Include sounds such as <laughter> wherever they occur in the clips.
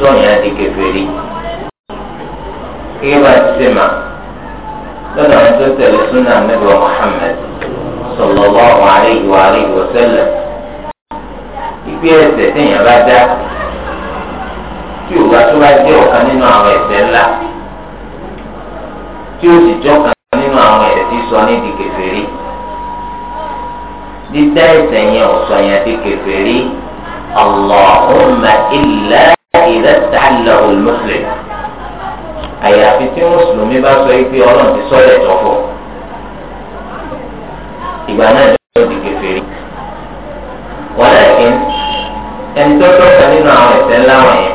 sọ̀yìn àti kèfèrí kí bá ti mà lọ́dọ̀ àwọn tó tẹ̀lé súnà nígbà Muhammad sallallahu alaihi wa alihi wa sallam ìgbé ẹsẹ̀ téèyàn bá dá tí ò bá tó bá jẹ́ ọ̀kan nínú àwọn ẹ̀ṣẹ̀ ńlá tí ó sì jọ́kan nínú àwọn ẹ̀ṣẹ̀ tí sọ ní di kèfèrí dídá ẹ̀ṣẹ̀ yẹn ọ̀sọ̀ yẹn di kèfèrí Allahumma illa ìdá tààlà olùmọ̀sílẹ̀ àyàfi tí mùsùlùmí bá sọ pé ọlọ́run ti sọ́lẹ̀ tọ́fọ̀ ìgbà náà ni wọ́n di kèfèrí wọ́n náà kí ẹni tó tọ́ka nínú àwọn ẹ̀ṣẹ̀ ńlá wọ̀nyẹn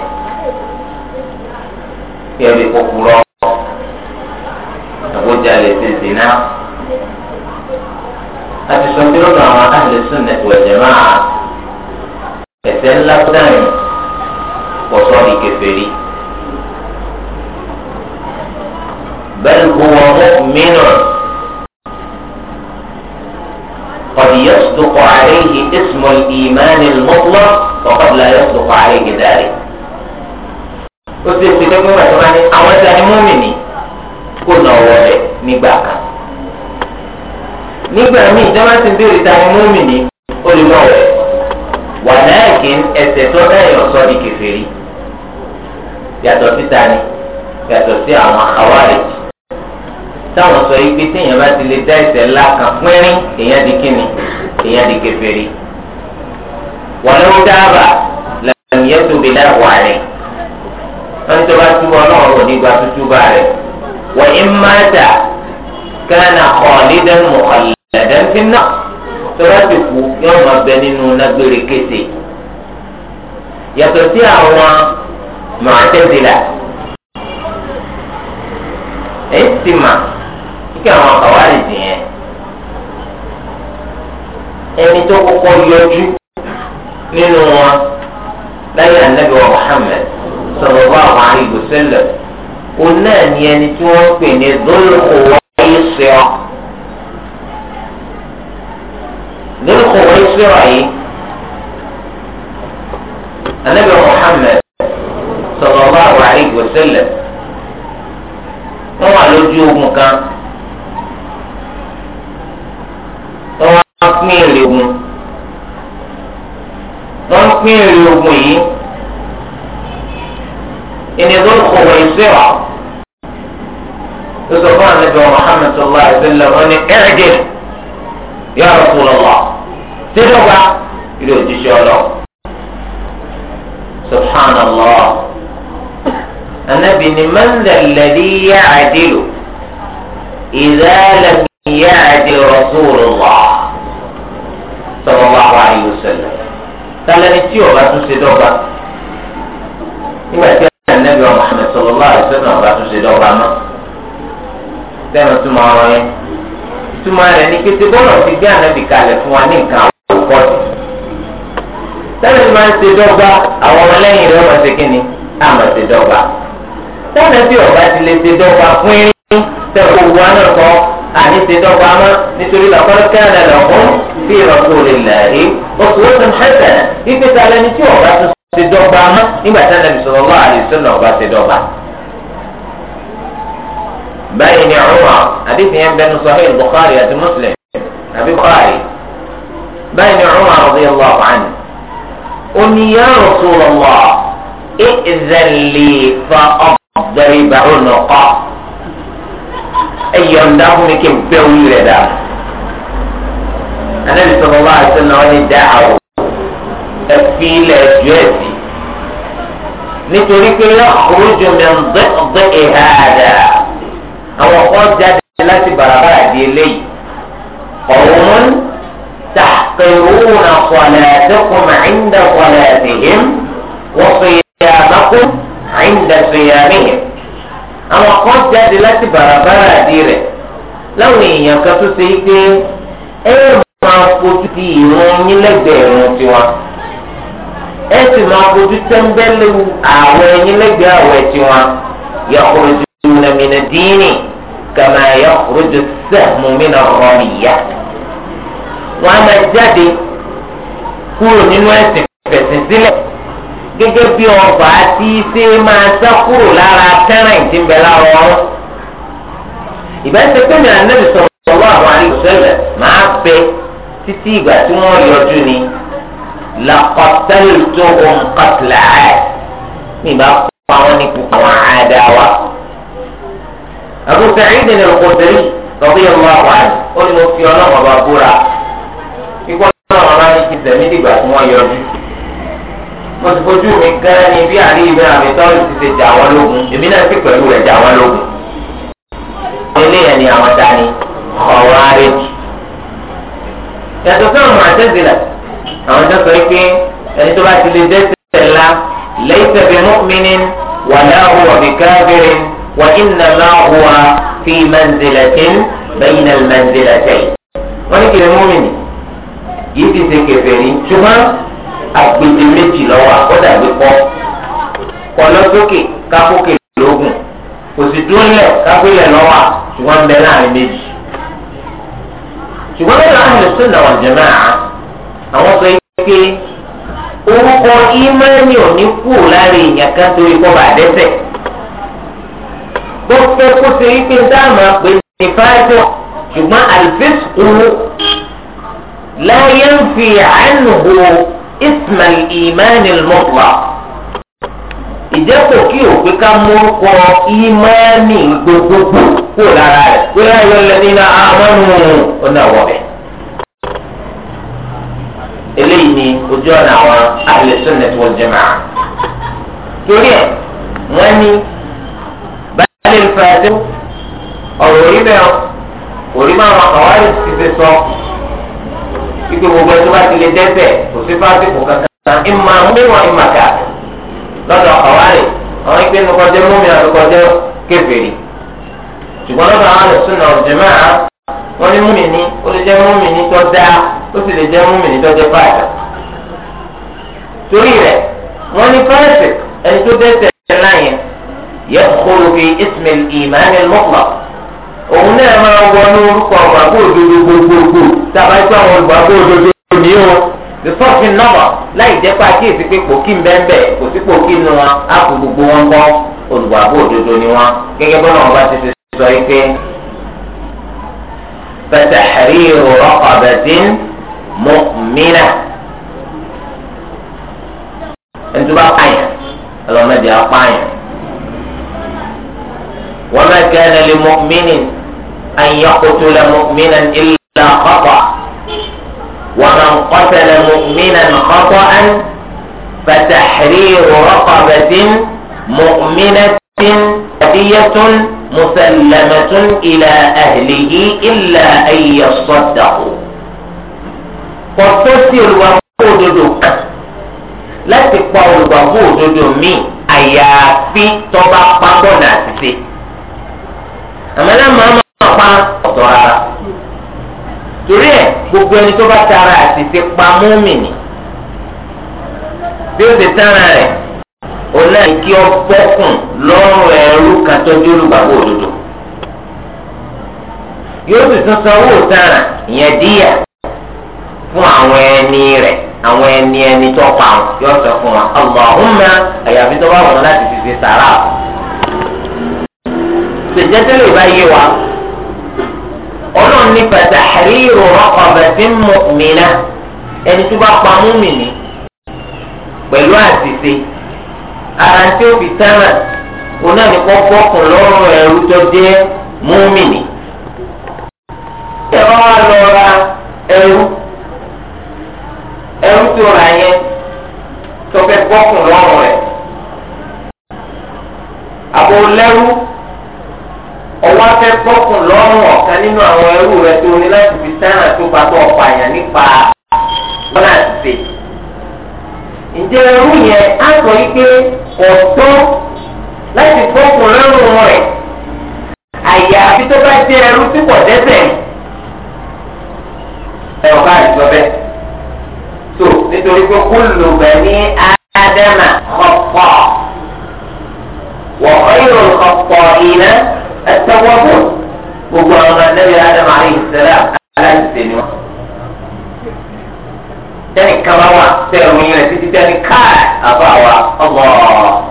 kí ẹ lè kókó lọ àgbójà lè ṣe zina àti sọ pé lọ́dọ̀ àwọn ahlẹ̀ sunnah wal jamaa ńlá kúdáyìn kò sọ ní kèfèrí. bẹ́ẹ̀ kó wọn mú mìíràn قد يصدق عليه اسم الإيمان المطلق وقد لا يصدق عليه ذلك ó ti ṣe pé mímọ̀ tó máa ní àwọn ẹ̀dá ni múmìnì kò nà ọwọ́ kan. nígbà míì ìjọba ti ń ta ni múmìnì ó lè lọ́wọ́ rẹ̀ wà náà kí ẹsẹ̀ tó náà yàn sọ́ di yàtọ̀ síta ni yàtọ̀ sí àwọn àwárí táwọn sọ yìí pé téèyàn bá ti lè dá ẹ̀ṣẹ̀ ńlá kan pínrín èèyàn di kíni èèyàn di kèfèrí wọn ló dáàbà lẹ́yìn yẹn tóbi náà wà rẹ̀ wọn tó bá túbọ̀ náà rò nígbà tútù bá rẹ̀ wọ́n ń máa dà kánà khalidan mukhalladan fi náà tó bá ti kú yóò máa bẹ nínú nágbére kété yàtọ̀ sí àwọn. mọ̀tẹ́sílà èyí ti mà kíkẹ́ àwọn kàwárí dì yẹn ẹni tó kọ́kọ́ yọjú nínú wọn láyé anabi wa Muhammad sallallahu alaihi wasallam òun náà ni ẹni tí wọ́n pè ní Dhul-Khuwaysira Dhul-Khuwaysira yìí anabi wa Muhammad. wasallam wọ́n wà lójú ogun kan wọ́n wá pín èrè ogun wọ́n pín èrè ogun yìí ìnìdó kòwé ìṣèwà tó sọ fún àlejò Muhammad sallallahu alaihi wasallam wọ́n ní ẹ̀ẹ́dẹ̀ ya Rasulullah tẹ́tọ̀ bá ilé òjíṣẹ́ ọlọ́ọ̀ subhanallah anabi ni mẹ́ńdẹ̀lẹ́dí yá àdìlù ìdálẹ́ yá àdìlù rasulullah sallallahu alaihi wasallam tálẹ́ni tí ọba tún ṣe dọ́gba nígbà tí anabi wa Muhammad sallallahu alaihi wasallam ọba tún ṣe dọ́gba mọ́ sẹ́nu túmọ̀ ọ̀rọ̀ yẹn túmọ̀ rẹ̀ ní kété bọ́lọ̀ ti gbé anabi kalẹ̀ fún wa ní nǹkan àwòkọ́ sẹ́nu máa ń ṣe dọ́gba àwọn ọmọlẹ́yìn rẹ̀ wọ́n ṣe kíni àmọ̀ ṣe dọ́gba tọ́nà bí ọ̀gá ti lè ṣe dọ́gba fún yín tẹ̀kọ̀ owó aná kọ́ àní ṣe dọ́gba mọ́ nítorí lọ́kọ́lọ́kẹ́ àná lọ́kọ́ bí ìrọ̀kọ́ rẹ̀ láàyè uswatun hasana ipe ta lẹni tí ọ̀gá tó ṣe dọ́gba mọ́ nígbà tí Ànábì sallallahu alaihi wasallam ọ̀gá ṣe dọ́gba. báyìí ni Umar àdéhùn yẹn bẹnu Sahih Bukhari àti Muslim àbí Bukhari báyìí ni Umar radiyallahu anhu ó ní ya Rasulullah i'zan dari baru ẹ yọ̀ǹda fún mi kí n bẹ́ wí rẹ̀ dà. anabi sọ̀rọ̀ wá àti sọ̀rọ̀ wọn ni dá àwọ̀ ẹ fi ilẹ̀ ju ẹ̀ sí. nítorí min yọ òrùjù mi ń gbé ọ̀gbẹ́ ìhà àdá. láti bàràbàrà di eléyìí. ọ̀hún تحقرون صلاتكم عند صلاتهم وصيامكم àyíǹda sèyàmìyàn àwọn kan jáde láti bàràbàrà àdí rẹ̀ láwọn èèyàn kan tó ṣe pé ẹ máa fojú di ìrún yín lẹ́gbẹ̀ẹ́ ìrún tiwa ẹ sì máa fojú tẹ́ńbẹ́lú àwọ̀ ẹ̀yìn lẹ́gbẹ̀ẹ́ àwọ̀ ẹ̀ tiwa yakhrujuna min ad-dini kama yakhruju as-sahmu min ar-ramiyya wọ́n máa jáde kúrò nínú ẹ̀sìn fẹ̀sìn sílẹ̀ gẹ́gẹ́ bí ọba tí ṣe máa sá kúrò lára tẹ́rìn tí ń bẹ lára ọ̀run. ìbá ṣe pé ní anábì sọ̀rọ̀ àwọn àríwísẹ́lẹ̀ máa bẹ títí ìgbà tí wọ́n yọjú ni lakọ̀tẹ́lì ohun kọ̀tìlá ẹ̀ ní ìbá kó àwọn nípò àwọn àdá wa. àbúrò sẹ́yìn ìdènà òkòtẹ́rì lọ́bí ọmọ àwọn àdá ó ní mo fi ọlọ́mọba búra. fojú mi gan ni bí àrí ibi àmì tọ́lù ti ṣe jà wọ́n lógun èmi náà sì pẹ̀lú rẹ̀ jà wọ́n lógun. eléyàn ni àwọn ta ni ọ̀rọ̀ àrèjì. yàtọ̀ sí àwọn àtẹ́sí àtẹ́sílẹ̀ àwọn tó sọ pé ẹni tó bá ti lè dẹ́sẹ̀ ńlá lẹ́yìn tẹ̀bí mọ́kùnmínín wà láhùn ọ̀bì káfírin wà ìnà máa hùwà fi mẹ́nzìlẹ̀tìn bẹ́yìn mẹ́nzìlẹ̀tìn. wọ́n ní kìlẹ̀ mọ́mìnì yìí ti ṣe kẹfẹ́ rí ṣùgbọ́n agbede méjì lọ́wọ́ àkọ́dà gbé pọ́ kọlọ́sókè kápókè lóògùn kò sì dúnlẹ̀ kápélẹ̀ lọ́wọ́ ṣùgbọ́n bẹ láàrin méjì ṣùgbọ́n bẹ́ẹ̀ láàrin lè sún ìdáwọ̀n jẹ́ mẹ́ra àwọn sọ pé orúkọ ìmọ̀ẹ́nì òní kú lára èèyàn kan torí kọ́ bá dẹ́sẹ̀ bó fẹ́ kó ṣe wípé dáàmú àpè ní fáìtọ̀ ṣùgbọ́n àlùfẹ́sùkú láyé ń fi àánú wo isma ìmánì lọ́pàá ìjẹ́kọ̀ kí òpè ká mórúkọ ìmánì gbogbogbò kó lára rẹ̀ pé ayọ̀ lẹ́ni náà amánú ọ̀nà wọ̀bẹ̀. eléyìí ni ojú ọ̀nà àwọn ahlu sunnah wal jamaa. torí ẹ̀ wọ́n ní báyìí lè fà ọ̀rọ̀ orí bẹ́ẹ̀ orí máa ma kàwárí ti fi sọ wípé gbogbo bá ti lè dẹ́sẹ̀ sí fásitì kankan ìmọ̀ àmúwọ̀n ìmọ̀ káàkiri lọ́dọ̀ àwárí àwọn ìpè nukọ̀jẹ́ múmi ànukọ̀jẹ́ kébèrè ṣùgbọ́n lọ́dọ̀ àwọn àlùsùn náà jẹ̀mẹ́ à wọ́n ní múmi ní ó lè jẹ́ múmi ní tó dáa ó sì lè jẹ́ múmi ní tó jẹ́ fáìlì. torí rẹ̀ wọ́n ní fáìlì ẹni tó dẹ́sẹ̀ láyẹn yẹ kóró fi ismail ìmáàmì mọ́kànlá òun náà máa wọnú orúkọ ọmọ àbúrò gbogbogbò tábà bísọ́ọ̀sì nọ́mà láì jẹ́ pé àkíyèsí pé pòkí ń bẹ́ẹ̀ kò sí pòkí nu wọn á kó gbogbo wọn kọ́ olùgbàgbọ́ òdodo ni wọn gẹ́gẹ́ bọ́lá wọn bá ti ti sọ yìí pé fatahriru raqabatin mu'minah ẹni tó bá pààyàn ọlọ́mọdé á pààyàn wa ma kana li mu'minin an yaqtula mu'minan illa khata'. ومن قتل مؤمنا خطا فتحرير رقبة مؤمنة هدية مسلمة إلى أهله إلا أن يصدقوا. قصصي الوقود دوك. لا تقوى الوقود دوك أيا في طبق بابوناتي. أما لما ما قطعت torí ẹ gbogbo ẹni tó bá tara àṣìṣe pa mọ́mìnì bí ó ti tara rẹ̀ òun náà kí ọ bọ́kùn lọ́rùn ẹrú kan tọ́jú olùgbàgbọ́ òdodo yóò sì tún sanwó tara ìyẹn díyà fún àwọn ẹni rẹ̀ àwọn ẹni ẹni tó pa ọ yóò sọ fún wa Allahumma àyàfi tó bá wọn láti fi ṣe sàrà. ṣèjẹ́ tẹ́lẹ̀ bá yé wa ọlọ́run ní fatahriru raqabatin mu'minah ẹni tó bá pa múmìnì pẹ̀lú àṣìṣe ara tí ó fi tẹ́ràn òun náà ní kó bọ́kùn lọ́rùn ẹrú tó jẹ́ múmìnì. ìjọba wa lọ ra ẹrú ẹrú tó ra yẹn tó fẹ́ bọ́kùn lọ́rùn rẹ̀ àbò lẹ́rú ọwọ́ afẹ́ pọ́kùn lọ́rùn ọ̀kan nínú àwọn ẹrú rẹ tó ní láti fi sáyà tó bá tó ọ̀pá yẹn nípa wọn àti ṣe. ǹjẹ́ ẹrú yẹn á sọ yí pé ọ̀tọ́ láti pọ́kùn lọ́rùn rẹ̀ àyà àfi tó bá jẹ́ ẹrú tí kò dẹ́ṣẹ̀ ẹ̀ ọ̀bá àjọ bẹ́ẹ̀. tó nítorí pé kullu bani Adama khata wa khayru al-khatta'ina ẹ̀tọ́wọ́bọ̀ gbogbo àwọn ọmọ ẹ̀dẹ́bí adam àrí ìṣẹ̀lẹ̀ aláìṣẹ̀ ni wọ́n. tẹ́nì kan bá wà tẹ̀rù yín rẹ̀ títí tẹ́nì káà àbá wa ọ̀bọ̀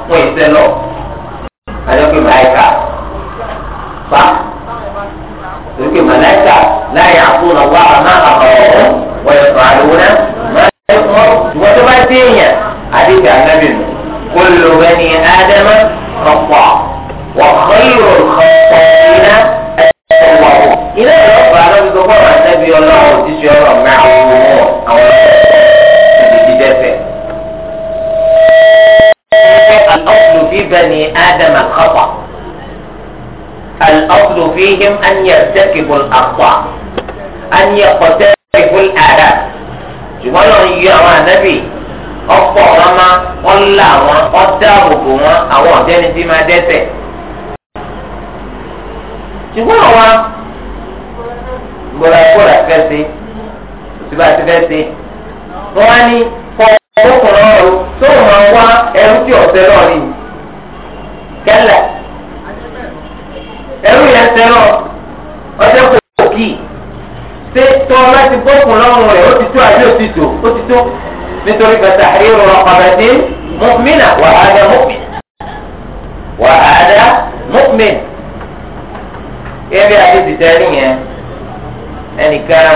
fún ìṣẹ́ lọ. àjọpé màláìka fa lókè màláìka láyé àfúnà wà àmà àbàwọ̀ wọ́n yẹ fàá lówó náà. wọ́n tó bá dé èèyàn àdéhùn ànábìnú kó lóbẹ́ ni ádámà rọ̀pọ̀ wọ́n kọ́ ìrò الخطأ الأصل فيهم أن يرتكبوا الأخطاء أن يقترفوا الآلات ṣùgbọ́n lọ́n yí àwọn ànábì ọ̀pọ̀ wọn máa wọ́n là wọn wọ́n dáàbòbò wọn àwọn ọ̀dẹ́ni tí máa dẹ́ṣẹ̀. ṣùgbọ́n àwa gbọ́dọ̀ gbọ́dọ̀ fẹ́ ṣe òṣìbá ti fẹ́ ṣe wọ́n á ní kọ́ ọkùnrin ọ̀rọ̀ tó máa wá ẹrú tí ọ̀sẹ̀ lọ́ọ̀rin kẹlẹ ẹrú yẹn sẹ́rọ̀ ọjọ́ kò kì í ṣé tó o láti gbókun lọ́rùn rẹ̀ ó ti tó àbí ó ti tó ó ti tó nítorí bàtà ríro ọ̀bàdé mọ́mìnà wà á dá mọ́mìn wà á dá mọ́mìn kébí àti tìtẹ́rì yẹn ẹnìkan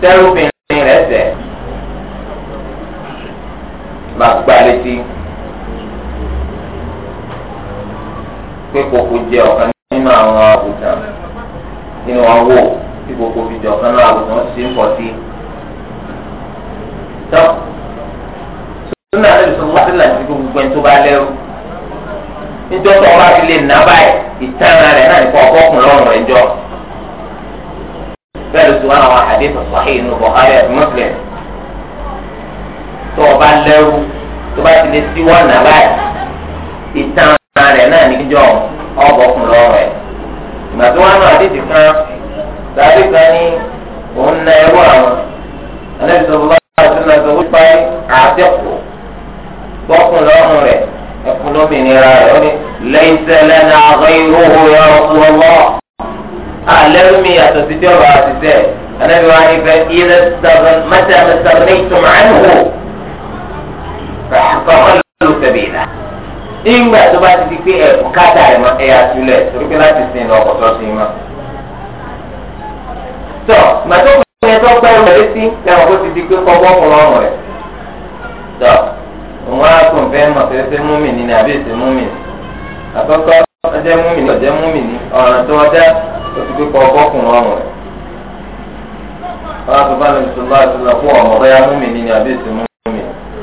sẹ́rù bìnrin rẹ̀ sẹ́ máa gbá létí. pé koko jẹ ọ̀kan nínú àwọn àwòtán nínú ọwọ́ tí koko fi jẹ ọ̀kan nínú àwòtán ó sì ń pọ̀ sí. tọ́ sọ́nà àdébísọ̀ wọ́n ti làǹtí kó gbogbo ẹni tó bá lẹ́rù níjọ́ tó ọba ti lè nà báyìí ìtara rẹ̀ náà nípa ọkọ̀ọ̀kùn lọ́rùn rẹ̀ jọ. bẹ́ẹ̀ ló ti wá àwọn àdébísọ̀ sọ́hìn nínú Bukhari àti Muslim tó ọba lẹ́rù tó bá ti lè síwọ́ nà báyìí ìtara ara rẹ̀ náà níjọ́ ọ̀bọ̀kùn lọ́rọ̀ ẹ̀. ìgbà tí wọ́n á máa dìtì kan tàbí kan ní òun na ẹrú àwọn ẹlẹ́sọ̀rọ̀ bá àti nàìjọ wípé àdẹ́kù bọ́kùn lọ́rùn rẹ̀ ẹkùn lómìnira rẹ̀ ó ní lẹ́yìn tẹ́lẹ̀ náà àgbẹ̀yìn òhò ẹ̀rọ ọ̀pọ̀lọpọ̀ mi yàtọ̀ sí tí ọba àti tẹ̀ ẹlẹ́bí wa ní fẹ́ ilẹ̀ mẹ́tẹ̀ẹ̀mẹ́tẹ̀ ní ìtumọ̀ àìhù ìgbà tó bá ti di pé ẹ̀kú káta ẹ̀mọ ẹ̀yà sílẹ̀ torí pé láti sin lọ ọ̀pọ̀ tó sin mọ́. tọ́ màtókùn yẹn tó pẹ́ rẹ̀ sí lẹ́wọ̀n kó ti di pé kọ́ bọ́ọ̀kù lọ́rùn rẹ̀. tọ́ òun á kún fẹ́ mọ̀ pé ṣé múmi ni ní àbí èsè múmi ni. àkọ́kọ́ ọjọ́ múmi ni ọjọ́ múmi ni ọ̀ràn tó ọjọ́ tó ti pé kọ́ bọ́ọ̀kù lọ́rùn rẹ̀. wọ́n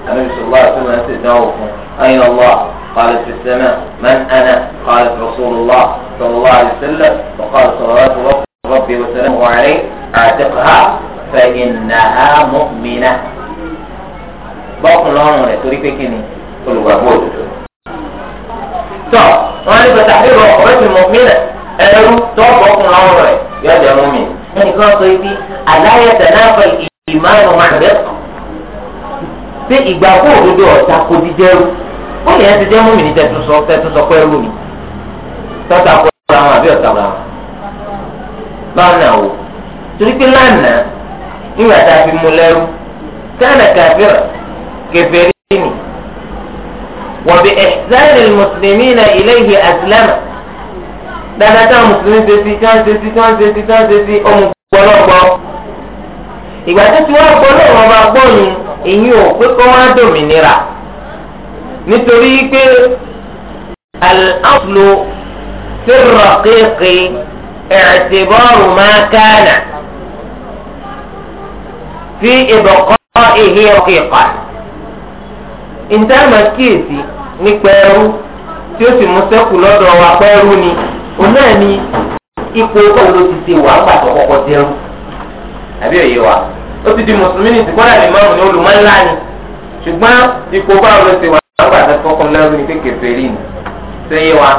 النبي صلى الله عليه وسلم استجاوبهم أين الله قالت في السماء من أنا قالت رسول الله صلى الله عليه وسلم وقال صلوات ربي وسلامه عليه اعتقها فإنها مؤمنة باقي لهم ولا تريك كني كل بابوت تو وانا بتحرير رقبات المؤمنة قالوا تو باقي لهم ولا يا مؤمن يعني كان طيبي ألا يتنافى الإيمان مع الرقة ṣé ìgbàgbọ́ òdodo ọ̀tá kò ti jẹ́rú ó lè yẹn ti jẹ́ múmi ní tẹ̀tún sọ tẹ̀tún sọ pẹ́rú mi tọ́ta kọ́ ra wọn àbí ọ̀tá ra wọn lọ́nà o torí pé lánàá nígbà tá a fi mú lẹ́rú kánà kàfíà kẹfẹ́rí ni wọ́n bí ẹ̀sán mùsùlùmí na ilé ìhì àtìlámà dáadáa táwọn mùsùlùmí ṣe sí táwọn ṣe sí táwọn ṣe sí táwọn ṣe sí ọmọ gbọ́lọ́gbọ́ ìgbà tó ti wá gbọ́ náà wọ́n máa gbọ́ nù èyí ò pé kó wá dòmìnira nítorí pé al-aslu fi raqiqi i'tibaru ma kana fi ibqa'ihi raqiqa ìtàmà kíyèsí nípa ẹrú tí ó sì mú sẹ́kù lọ́dọ̀ wa pẹ́rú ni òun náà ni ipò olóòtítì wà ń gbàtọ̀ kọ́kọ́ dẹrú àbí òye wa ó ti di mùsùlùmí ní ìsìnkú náà ní márùn ní olùmọ̀ ńlá ni ṣùgbọ́n ipò báwo ló ti wà nígbà tó kọ́kọ́ lẹ́rú ní kékeré fèrè ni sẹ́yìn wa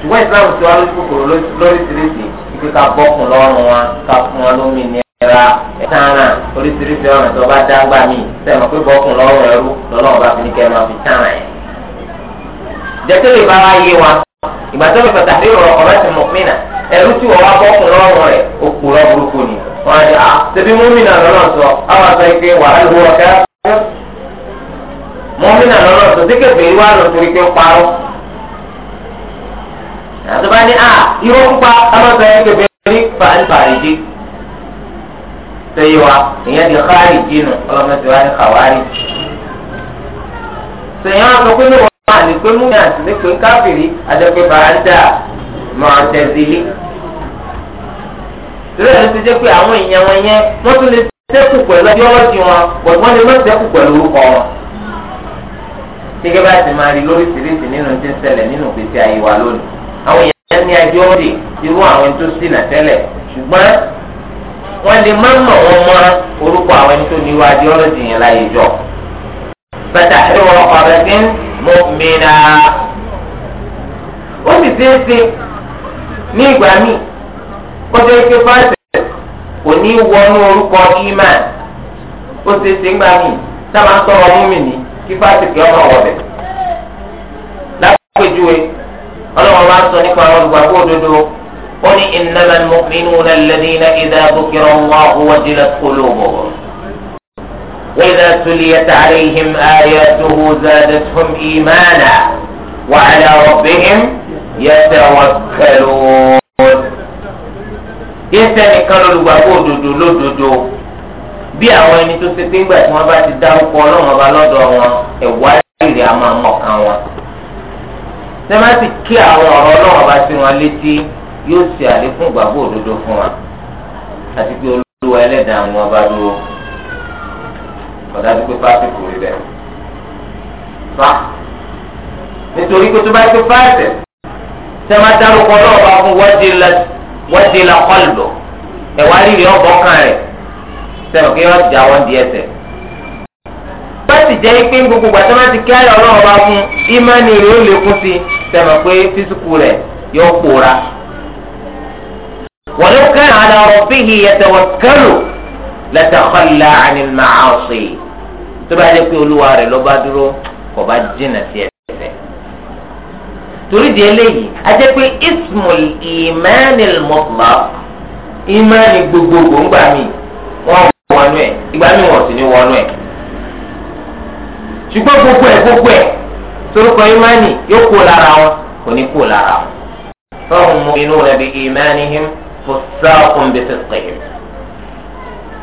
ṣùgbọ́n islam ti wá lójú kòkòrò lóríṣiríṣi ibi ká bọ́kùn lọ́rùn wa ká fún wọn lómi ní ẹ̀ra ẹ̀tàrà oríṣiríṣi ọ̀nà tó bá dá gbà mí sẹ́yìn pé bọ́kùn lọ́rùn ẹrú lọ́lọ́run bá fi ní kẹ́ máa fi tàrà ẹ̀. jẹ́tẹ́lẹ̀ bá wá yé wa ìgbà tó lè pẹ̀tàkì rọ̀ ọ̀rẹ́ ti mọ̀ mí nà wọn á ní à tẹbi múmínà lọ́nà sọ àwọn àti ẹgbẹ wàhálà ìwọ ọ̀kẹ́ múmínà lọ́nà sọ sí kẹfẹ́ ìwà lọ torí pé ń parọ́ àtọ́ba ní à irọ́ ń pa ọlọ́sọ yẹn kẹfẹ́ rí fàárífàáríjì sẹ́yìn wa ìyẹn ti kárìjì nù ọlọ́mọdé wa ní kàwárì sèyàn sọ pé níwọ̀n wà ní pé múmi àti ní pé káfìrí àti pé bàá dà mọ̀ọ́tẹ́sílì ìrẹ́ ló ti jẹ́ pé àwọn èèyàn wọn yẹn wọ́n tún lè sẹ́kù pẹ̀lú ọjọ́lọ́jì wọn bọ̀ wọ́n lè má sẹ́kù pẹ̀lú orúkọ wọn. gẹ́gẹ́ bá ti máa rí lóríṣiríṣi nínú tí ń ṣẹlẹ̀ nínú ìgbésí ayé wa lónìí àwọn èèyàn ní ajọ́ọ̀dì irú àwọn tó sì nà tẹ́lẹ̀ ṣùgbọ́n wọ́n lè má mọ̀ wọ́n mọ́ orúkọ àwọn tó ní wá ajọ́lọ́jì yẹn láyé jọ. ní ìgbà míì kọjá ike fáṣẹ kò ní wọnú orúkọ iman ó ṣe ṣe ń gbà mí sábà ń sọ̀rọ̀ mú mi ní kí fáṣẹ kí ọmọ wọbẹ. lápẹjúwe ọlọ́wọ́n máa ń sọ nípa àwọn olùgbàgbọ́ òdodo ó ní innama al-mu'minuna alladhina idha dhukira Allahu wajilat qulubuhum. وإذا تليت عليهم آياته زادتهم إيمانا وعلى ربهم يتوكلون ìsẹ́nìkan lọ́lùgbàgbọ́ òdodo lódodo bí àwọn ẹni tó ṣe pé ńgbà tí wọ́n bá ti dárúkọ ọlọ́run ọba lọ́dọ̀ wọn ẹ̀wá ìrì àmọ́ ọmọkan wọn. sẹ́mátì kí àwọn ọ̀rọ̀ ọlọ́run ọba sí wọn létí yóò ṣe àlékún ìgbàgbọ́ òdodo fún wa àti pé olúwa ẹlẹ́dàá ni wọ́n bá dúró ọ̀dájú pé fásitì rí bẹ́ẹ̀. fa nítorí pé tó bá ti fáìtẹ̀ sẹ́mátì dárúkọ ọlọ́run ọba fún wọ́n di lẹ́sìn wọ́n ti la kọ́lùbọ̀ ẹ̀wá rírì ọ̀bọ̀ kan rẹ̀ sẹ́wọ̀n kí wọ́n jà wọ́n di ẹsẹ̀. wọ́n ti jẹ́ pé gbogbo gbàtọ́ máa ti kí ayọ̀ ọlọ́run bá fún ìmánì rẹ̀ ó lékún sí sẹ́wọ̀n pé físíkù rẹ̀ yóò pòórá. wọ́n ló kẹ́ àlọ́ ọ̀bíhì yatawakkalu latakhalla 'anil ma'asi tó bá yẹ pé olúwa rẹ̀ ló bá dúró kò bá jìnnà sí ẹsẹ̀ torí di eléyìí ajẹ́ pé ismul imanil mutlaq imani gbogbogbò ń gbà mí wọ́n wọnú ẹ̀ ìgbà mí wọ́n sì ní wọnú ẹ̀ ṣùgbọ́n gbogbo ẹ̀ gbogbo ẹ̀ torúkọ imani yóò kó lára wọn kò ní kó lára wọn. fọ́ọ̀mù mu'minuna rẹ̀ bí imanihim fọ́sáàkùn bí sidqihim.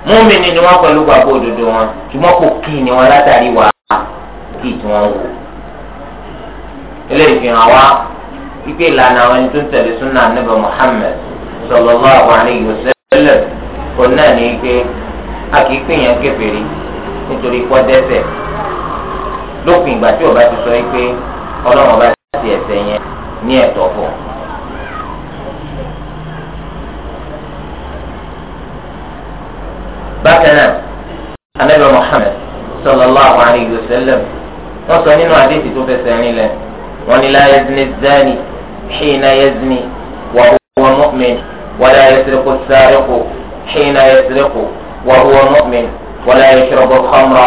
múmini ni wọ́n pẹ̀lú gbàgbọ́ òdodo wọn ṣùgbọ́n kò kí ni wọn látàrí wàá kí tí wọ́n wò eléyìí fi hàn wá ipe ìlànà àwọn ẹni tó ń tẹ̀lé súnà níbà Muhammad sallallahu alaihi wasallam òun náà ní pé a kì í pèèyàn kèfèrí nítorí pọ́ dẹ́ṣẹ̀ lópin ìgbà tí ọba ti sọ pé ọlọ́run ọba ti ẹ̀ṣẹ̀ yẹn ní ẹ̀tọ́ fún un. bákan náà anabi Muhammad sallallahu alaihi wasallam wọ́n sọ nínú àdéhìí tó fẹsẹ̀ rin lẹ́nu wọ́n ní la yazni zani hina yazni wa huwa mu'min wa la yasriqu as-sariqu hina yasriqu wa huwa mu'min wa la yashrabu al-khamra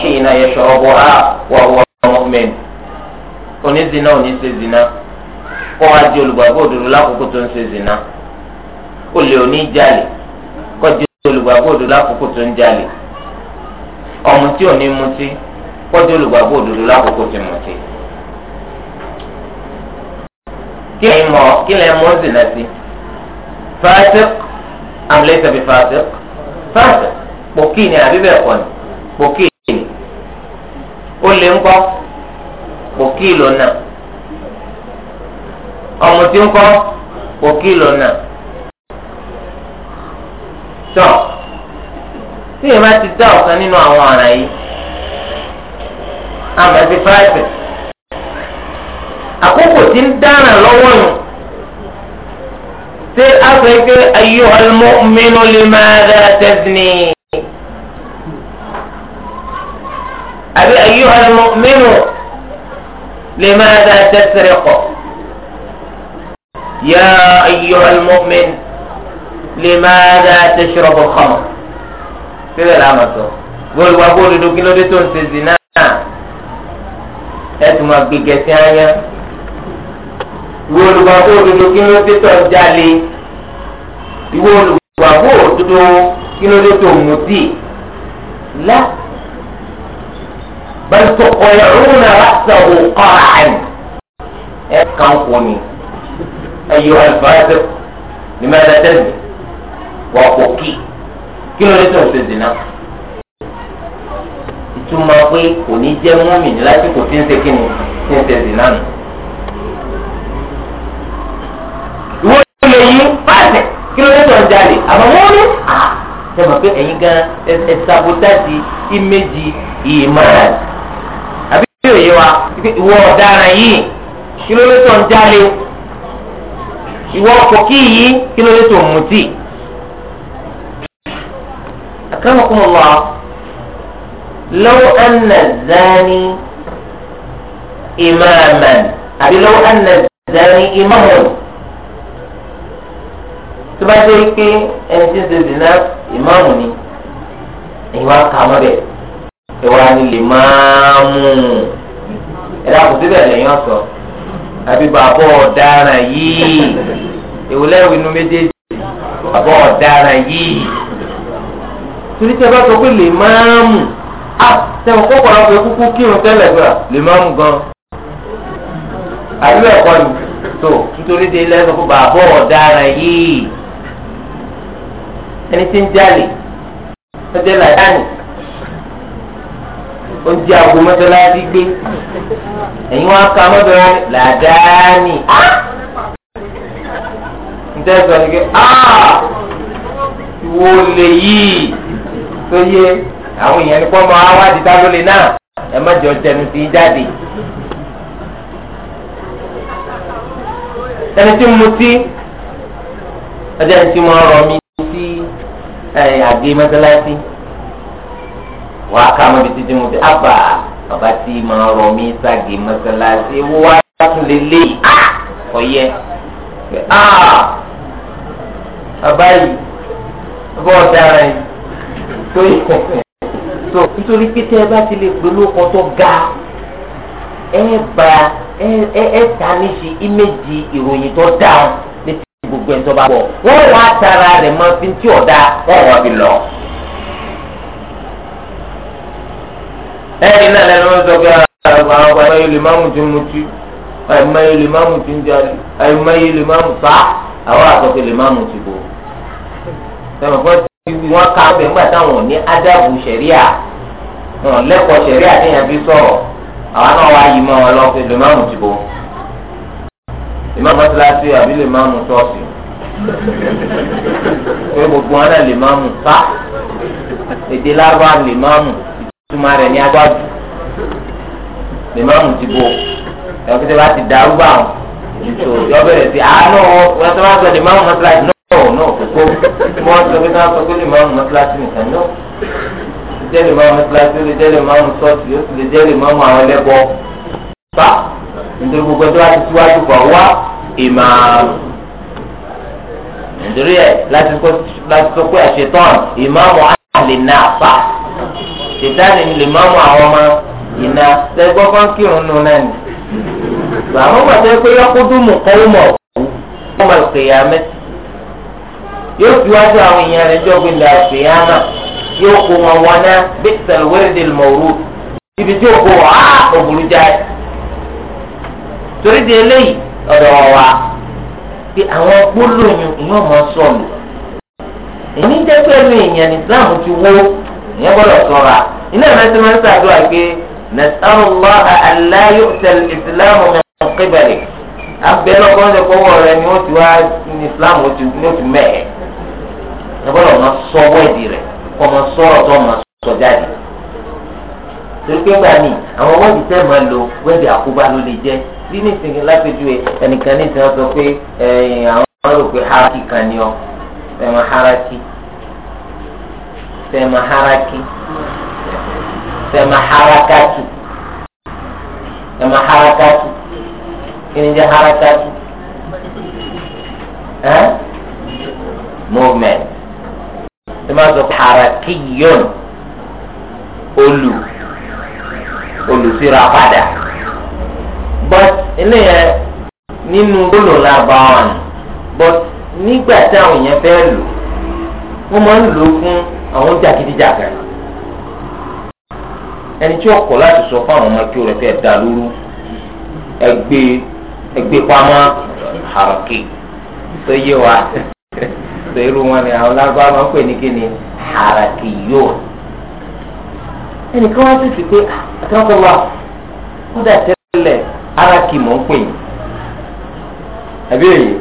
hina yashrabuha wa huwa mu'min. onízìnnà oníṣèzìnnà kọ́ wá di olùgbàgbọ́ òdodo lákòókò tó ń ṣe zìnnà olè oníjàlè kọ́ di olùgbàgbọ́ òdodo lákòókò tó ń jalè ọ̀mùtí onímutí kọ́ di olùgbàgbọ́ òdodo lákòókò tó ń mutí. kí lè mọ kí lè mọ zina sí fasiq am laysa bi fasiq fasiq pòkì ni àbí bẹ́ẹ̀ kọ́ ni pòkì ni ó lè ń kọ́ pòkì ló nà ọmọ tí ń kọ́ pòkì ló nà tọ́ tí èèyàn bá ti dá ọ̀kan nínú àwọn ọ̀ràn yìí àmọ́ ti fasiq àkókò tí ń dáràn lọ́wọ́ nù ṣé àfẹ́kẹ́ ayé ọlọ́mọ mímú lè máa dá tẹ́sínì. àbí ayé ọlọ́mọ mímú lè máa dá tẹ́sírì kọ̀. يا أيها المؤمن لماذا تشرب الخمر؟ كذا العمل قل وقول gbọ́dọ̀ dókí lóde tó ń ṣe ìwọ olùgbàgbọ́ òdodo kí ló dé tó jalè ìwọ olùgbàgbọ́ òdodo kí ló dé tó mutí la bal tuqayyiruna ra'sahu qara'an ẹ kàn kú ni ayyuha al-fasiq limadha tazini wa uqi kí ló dé tó ṣe zina ìtumọ̀ pé kò ní jẹ́ mọ́mì ní lásìkò tí ń ṣe kí ni tí ń ṣe zina nù. ń jalè àmọ́ wọ́n ní à ṣe mọ̀ pé ẹ̀yin gan ẹ sabotage ìmẹ̀jì ìmọ̀ràn àbí tí òye wa ìwọ ọ̀daràn yìí kí ló lè tó ń jalè ìwọ ọkọ̀ kí yìí kí ló lè tó ń mutí. أكرمكم الله لو أن الزاني إماما أبي لو أن الزاني إمام tó bá dé pé ẹni tí ń ṣe dènà ìmáàmù ni ẹ̀yin wá kà mọ́ bẹ̀ ẹ̀ wá ní lè máa mú un ẹ̀ dàpọ̀ síbẹ̀ lẹ́yìn ọ̀sọ̀ àbí bàbá ọ̀daràn yìí èwo lẹ́rù inú méjèèjì bàbá ọ̀daràn yìí torí tí a bá sọ pé lè máa mú a sẹ́wọ̀n kó kọ̀ọ̀rọ̀ pé kúkú kírun tẹ́lẹ̀ gbà lè máa mú gan àbí bẹ́ẹ̀ kọ́ ni tó nítorí délé sọ pé bàbá ọ̀daràn yìí ẹni tí ń jalè ọjọ́ làdáni ó ń jẹ àgbo mọ́tọ́láàdì gbé ẹ̀yin wọn ká mọ́tọ́ làdáni á ń tẹ́sán ni pé á wo lè yìí tó yé àwọn èèyàn ní pọ́nmọ́ awádìí tá ló lè náà ẹ má jọ jẹnu sí jáde. ẹni tí mo ti ọjọ́ ẹni tí mo rọ mi àgé mọ́sálásí wàá ká mọ́ bíi títí mo ti àbà bàbá tí máa rọ mí ságé mọ́sálásí wá tún lè lé yìí ọ̀yẹ́ ah! ah! bàbá yìí bọ́ ọ̀daràn yìí <laughs> tó yẹ so nítorí pé tẹ́ ẹ bá ti lè pè lóko tó ga ẹ bá ẹ ẹ ta níṣe íméjì ìròyìn tó dáhùn gbogbo ẹni tó bá bọ̀ wọ́n wá tara rẹ̀ mọ́ fi tí ọ̀dà wọ́n wọ́n fi lọ. ẹ̀yin náà lẹ́nu wọn sọ pé àwọn ọba ẹ̀yẹ lè má mú ti mú ti ẹ̀yẹ lè má mú ti ń jalè ẹ̀yẹ lè má mú fa àwọn àtọ́kẹ́ lè má mú ti bò. sọ̀rọ̀ fún ti wí wọ́n ká ọbẹ̀ nígbà táwọn ò ní ádàbù ṣẹ̀ríà wọn lẹ́kọ̀ọ́ ṣẹ̀ríà téèyàn fi sọ̀rọ̀ àwọn náà wá yìí mọ́ wọn lọ pé lè má mú ti bò ìmáàmù mọ́sálásí àbí lè máàmù ṣọ́ọ̀ṣì pé gbogbo wọn náà lè máàmù pa èdè lábá lè máàmù ìtumọ̀ rẹ̀ ní agbájú lè máàmù ti bò ẹ̀kú tẹ́ bá ti dàrúgbà wọn ètò ìjọbẹ̀rẹ̀ sí àánú o tó bá sọ lè máàmù mọ́sálásí náà náà kókó wọn sọ pé káwọn sọ pé lè máàmù mọ́sálásí nìkan náà jẹ́ lè máàmù mọ́sálásí ó lè jẹ́ lè máàmù ṣọ́ọ̀ṣì ó sì lè jẹ́ lè máàmù àwọn ẹlẹ́bọ̀ọ́ fa nítorí gbogbo ẹjọ́ láti síwájú kan wá ìmáàmù nítorí ẹ láti sọ pé àṣetán ìmáàmù àlè náà fa ṣètánì lè máàmù àwọn ọmọ iná tẹgbọ́n kan kírun nù náà ni àwọn ọmọ tẹ pé yọkúndùn mú kọ́wé mọ̀ ọ́ ọmọ ìpèyà mẹ́tì yóò fi wájú àwọn èèyàn rẹ̀ jọ́ gbẹ̀lẹ̀ àfihànà yóò kó wọn wọná bí tẹ̀lé wẹ́rẹ́dẹ̀lmọ̀rú ibi tí ó kó wọ́n á òbúrú jáde. torí di eléyìí ọ̀dọ̀ wa pé àwọn gbólóyìn ìyọ́n mọ sọ̀lù èmi jẹ́ Islam ti wó ìyẹn gbọ́dọ̀ sọ̀ra ìrẹsì islam rẹ ni ó ti wá islam ó ti mẹ́ẹ̀ ẹ gbọ́dọ̀ máa sọ wẹ́ẹ̀dì rẹ̀ kọ́ máa sọ̀rọ̀ tó máa sọ jáde torí pé gbà mí àwọn bí nísìnyí lápẹjúwe ẹnìkan ní ìsìn sọ pé ẹyìn àwọn rò pé haraki kan ni ọ fẹmọ haraki fẹmọ haraki fẹmọ harakati fẹmọ harakati kí ni jẹ harakati ẹ movement tí wọn sọ haraki yọn olù olùsíra padà but. eléyẹn nínú n'inu lárúbáwá ni but nígbà tí àwọn èèyàn fẹ́ lò wọ́n máa ń lò ó fún àwọn jàgídíjàgà ẹni tí ọkọ̀ láti sọ fún àwọn ọmọ kí o rẹ̀ fẹ́ da lóru ẹgbẹ́ ẹgbẹ́ pamọ́ àròkè tó yé wa tó irú wọn ni àwọn lágbára máa ń pè ní kíni àròkè yóò ẹnìkan wá haraki mò ń pè yín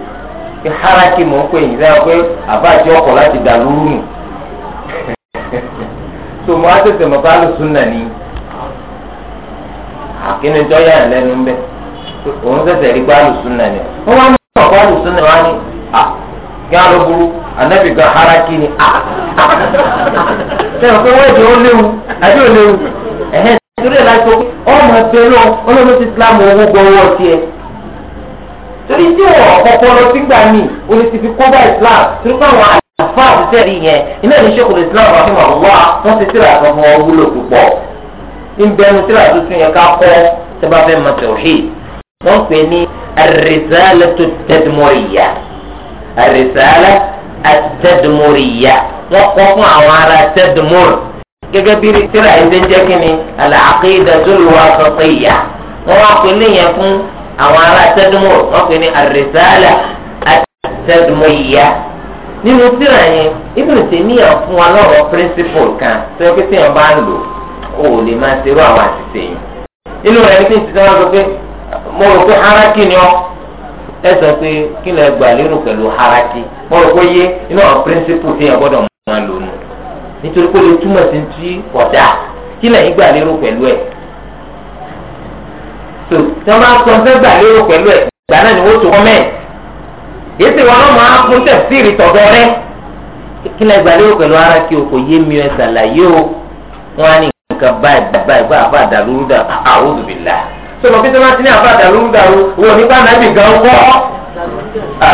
kí haraki mò ń pè yín sẹ́yìn pé àbá ọkọ̀ láti dà lóru nù tó <laughs> mo á tètè nà ní àkínníjọ́ yà ń lẹ́nu ń bẹ́ òun rí bá nà ní wọ́n wá ní ọ̀pọ̀ nà ní à kí á ló burú gan haraki ni à <laughs> sẹ́yìn pé wọ́n èdè ó léwu àbí léwu ẹ̀hẹ́n torí ẹ̀ láti sọ pé ọmọ ẹgbẹ́ náà ọlọ́run ti islam owó gbọ́wọ́ tiẹ̀. torí tí wọ́n kọ́kọ́ lọ sígbà míì o lè ti fi kó bá islam torí pé àwọn àfa àtúntẹ̀ rí yẹn iná ní ṣòkòrò islam àfi wà wá wọ́n ti síra àtọ́ fún ọwọ́ wúlò púpọ̀. ìbẹ̀rù síra tuntun yẹn ká kọ́ tẹ́bá fẹ́ mọ tawhid wọ́n pè ní ar-risalatu at-tadmuriyya ar-risalatu gẹ́gẹ́ bí tíra yìí ṣe ń jẹ́ kí ni al-aqidatul wasatiyya wọ́n wá pè ní yẹn fún àwọn ará tẹ́dúmọ̀ wọ́n pè ní ar-risala at-tadmiyya nínú tíra yẹn Ibn Taymiyyah fún wa lọ́rọ̀ principle kan tó yẹ kí tí wọ́n ń lò ó lè máa ṣerú àwọn àṣìṣe yìí nínú rẹ̀ ní kí n ti sọ́wọ́n sọ pé mo rò pé haraki ni ọ́ ẹ sọ pé kí lè gbà lérò pẹ̀lú haraki mo rò pé yé inú àwọn principle tí yẹn máa lò nù nítorí kó lè túmọ̀ sí ti kọ̀dà kí lẹ́yìn gbà lérò pẹ̀lú ẹ̀ tó tí wọ́n bá sọ fẹ́ gbà lérò pẹ̀lú ẹ̀ ìgbà náà ni wọ́n tó wọ́n mẹ́ẹ̀ yìí sì wọn náà máa kún tẹ̀síìrì tọ̀dọ̀ rẹ̀ kí lẹ́yìn gbà lérò pẹ̀lú ara kí o kò yé mi ẹ̀ sàlàyé o wọn á ní nǹkan báyìí báyìí báyìí àbá àdàlúrú dà àwòdù bìlà tó o wọn ò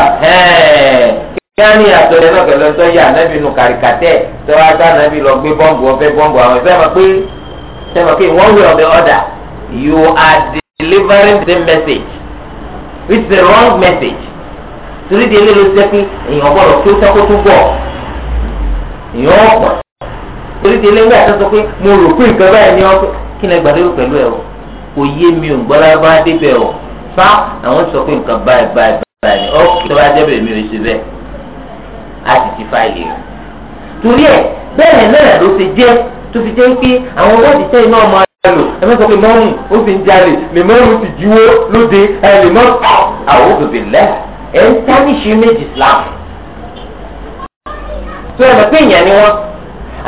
yáni àtọ̀rẹ́ náà pẹ̀lú ọtọ́ yà nẹ́bí nu kàríkàtẹ́ tẹ́ wá lọ gbé bọ́ǹbù ọ̀fẹ́ bọ́ǹbù àwọn ẹ̀fẹ́ mọ̀ pé ṣe mọ̀ pé one way or the you are delivering the message with the wrong message torí di eléyìí ṣe pé èèyàn gbọ́dọ̀ kí ó sẹ́kó bọ̀ èèyàn ọ̀pọ̀ torí di eléyìí àti sọ pé mo rò pé nǹkan báyìí ni wọ́n kí ni gbàdúrà pẹ̀lú ẹ̀ o kò yé mi ò gbọ́dọ̀ bá débẹ̀ o fa àwọn sọ pé nǹkan báyìí báyìí báyìí ok tó bá jẹ́ á sì ti fáìlì rẹ̀ torí ẹ̀ bẹ́ẹ̀ náà ló ti jẹ́ tó fi jẹ́ pé àwọn wọ́ọ̀dì tẹ́ iná ọmọ ara lò ẹ mẹ́sàn-án pé mọ́mù ó sì ń jalè lèmọ́mù ti jíwó lóde ẹ lèmọ́mù àwọn òbèbè lẹ́ ẹ̀ ń tánìṣe méjì Islam tó ẹ̀ mọ̀ pé èèyàn ni wọ́n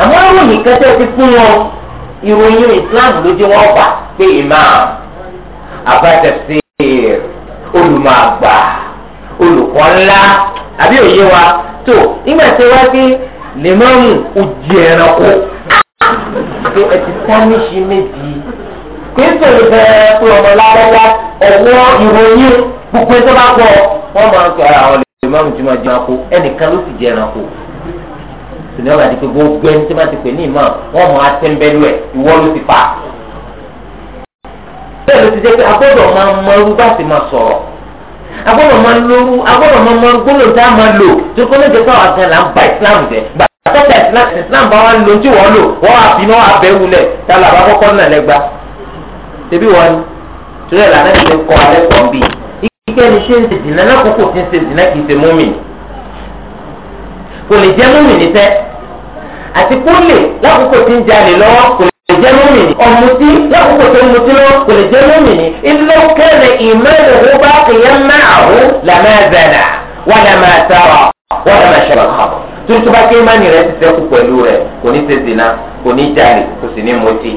àmọ́ ìròyìn kan tẹ́ ti fún wọn ìròyìn Islam ló jẹ́ wọ́n gbà pé imam abatafsir olùmọ̀ àgbà olùkọ́ ńlá àbí òye wa tó nígbà tí wọ́n dé lè má mú ojì ẹranko pé ẹ ti pọ́níṣì méjì kristu ló fẹ́ pé ọmọ lárọ́wọ́ ọwọ́ ìròyìn gbogbo ẹjọ́ bá gbọ́ wọ́n máa ń pẹ́ ah, àwọn lè má mú tí wọ́n jẹ́ ẹranko ẹnìkan ló sì jẹ́ ẹranko sìnà bá di pé gbogbo ẹni tí wọ́n ti pè ní ìmọ̀ wọ́n mọ atẹ́ńbẹ́lú ẹ̀ ìwọ́ ló ti fà. bẹ́ẹ̀ ló ti jẹ́ pé agbọ́dọ̀ máa mọ irú bá ti máa sọ̀rọ̀ agbọ́dọ̀ máa lóru agbọ́dọ̀ máa mọ gbọ́dọ̀ tá a máa lò tó kọ́ lóde káwọn àti àlà ń ba islam jẹ gbàtọ́ta islam bá wà lò tí wọ́n lò wọ́n wà fi náà abẹ́ wulẹ̀ tá a làbá kọ́kọ́ nà lẹ́gba tẹ̀bí wọn ni torí ẹ̀ lànà ìṣe kọ́ alẹ́ pọ̀ bí ike ni ṣe ń ṣe dìnnà lákòókò tí ń ṣe dìnnà kì í ṣe mùmínì kò lè jẹ́ mùmínì tẹ́ àti kó lè lákòókò tí ń jalè lọ́wọ́ kò jẹ́ lómìnì ọ̀mùtí lákòókò tó ń mutí lọ kò lè jẹ́ lómìnì ilé kẹ́lẹ̀ ìmẹ́lẹ̀ wo bá kìyẹn máa hù làmẹ́ bẹ̀rẹ̀ wọ́n lè máa tẹ̀rọ wọ́n lè máa ṣẹlẹ̀ kọ́. tuntun bá kéema ni rẹ ti dẹ́kun pẹ̀lú rẹ kò ní ṣe zina kò ní jalè kò sì ní mutí.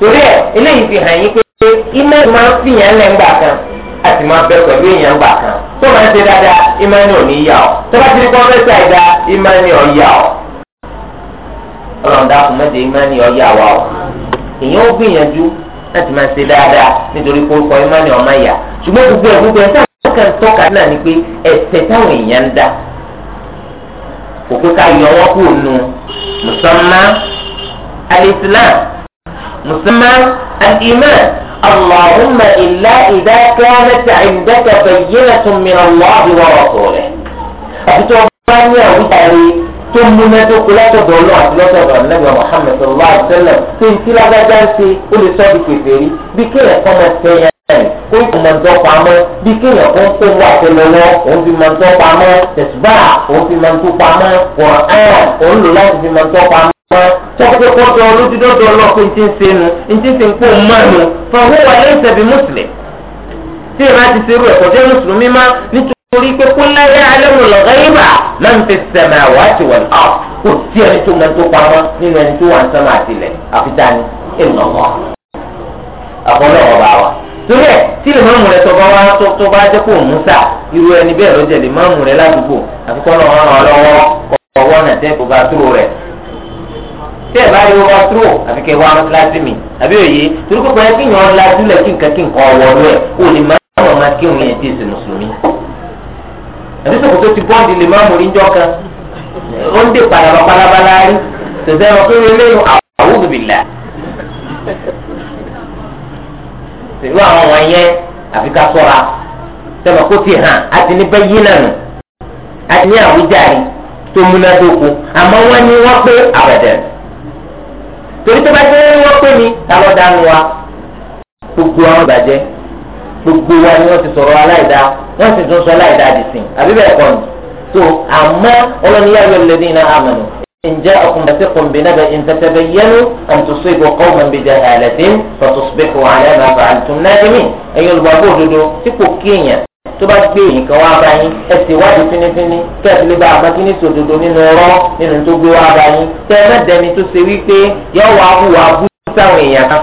torí ẹ eléyìí fi hàn yín pé ìmẹ́ máa fi yẹn lẹ́ ńgbà kan a sì máa bẹ pẹ̀lú èèyàn gbà kan tó máa ń ṣe dáadáa ìmọ̀ ò ní yà ọ́ ọlọ́run dákun mẹ́tẹ̀ẹ́ ìmánì ọ̀yà wa o èyàn ó gbìyànjú láti máa ṣe dáadáa nítorí pé orúkọ ìmánì ọmọ ìyá ṣùgbọ́n gbogbo ẹ̀ gbogbo ẹ̀ sáà wọ́n kàn tọ́ka náà ni pé ẹ̀ṣẹ̀ táwọn èèyàn ń dá kò pé ká yọ wọ́n kúrò nù musamman al-islam musamman al-iman allahumma illa idha tó bá ní tó mú mẹ́tò kó látọ̀dọ̀ ọlọ́run àti látọ̀dọ̀ ọ̀nẹ́gbẹ̀ Muhammad sallallahu alaihi wasallam tó ń tí lágbájá ń ṣe ó lè sọ di kèfèrí bí kéèyàn kọ́ mọ tẹ̀yẹ kó ìmọ̀ ntọ́ pamọ́ bí kéèyàn kó ń kó wà tẹ́lẹ̀ lọ òun fi mọ̀ ntọ́ pamọ́ tẹ̀síbà òun fi mọ̀ ntọ́ pamọ́ wọ̀n án òun lò láti fi mọ̀ ntọ́ pamọ́ tọ́kọ́ kọ́tọ́ olójúdọ́dọ́ ọlọ́pẹ́ ń ti ń senu ń ti ń sin kó mọ́ ẹnu fún àwọn wà lẹ́sẹ̀ bí mùsùlùmí tí ìrántí serú ẹ̀kọ́ jẹ́ mùsùlùmí má nítorí torí pé kó láyé alẹ́mu lọ́gá yín bá lọ́n ti sẹ̀mẹ̀ àwájú wọn ọ̀ kò sí ẹni tó mẹ́tò pamọ́ nínú ẹni tó wà ń sọ́mọ́ àtìlẹ̀ àfitani ìnáwó àbọ̀lọ̀ ọba wa. torí ẹ̀ tí lè mọ́mù rẹ tọba wa tó bá jẹ́ kó musa irú ẹni bẹ́ẹ̀ lọ́jọ́ lè mọ́mù rẹ ládùúgbò àfi kọ́ lọ́wọ́ ràn lọ́wọ́ ọwọ́ náà tẹ́ bùbá tó bá yọ wá tó àfi kẹ́ wá láti mi àbí òye torí kókò ẹ kí yàn án lásìlẹ̀ kí nǹkan kí nǹkan ọ̀wọ́ rẹ̀ kó o lè má àwọn ọmọ kí òun yẹn ti ṣe mùsùlùmí àbí sọ̀kò tó ti bọ́ọ̀dì lè má mórí njọ́ kan ó ń dè padàbà balabala rí tẹ̀sẹ̀ wọn pé lẹ́nu àwùjọ bìlà. ìlú àwọn wọ̀nyẹn àfi ká sọ́ra sẹ́wọ̀n kó ti hàn àti ní bẹ́ẹ̀ yín nànú àti ní àwùjáre tó múnádóko àmọ́ wọ́n ní wọ́n pé àbẹ̀dẹ̀ torí tó bá jẹ́ wọ́n pé ni ta ló dánú wa gbogbo àwọn ìbàjẹ́ gbogbo wa ni wọ́n ti sọ̀rọ̀ aláìda wọ́n sì tún sọ aláìda di sìn àbí bẹ́ẹ̀ kọ́ ni tó àmọ́ ọlọ́niyá yọ lẹ́dí iná àmàlù ǹjẹ́ ọkùnrin àti kùnbin náà bẹ́ẹ̀ ìtẹ́tẹ́bẹ́ yẹnu àtúnṣe ìbò kọ́ọ̀mù ìbìjà àlẹ́dín fọ̀tọ̀sibẹ́kù àlẹ́ máa bá àtún náà dẹ́mì ẹ̀yin olùgbàgbọ́ òdodo tí kò kéèyàn tó bá gbé yìí kan wá bá yín ẹ sì wádìí fínífíní kí ẹsì lè bá abákíní sòdodo nínú ọ̀rọ̀ nínú tó gbé wá bá yín tẹ ẹ mẹdẹni tó ṣe wípé yọ wàá hùwà bú sáwọn èèyàn kan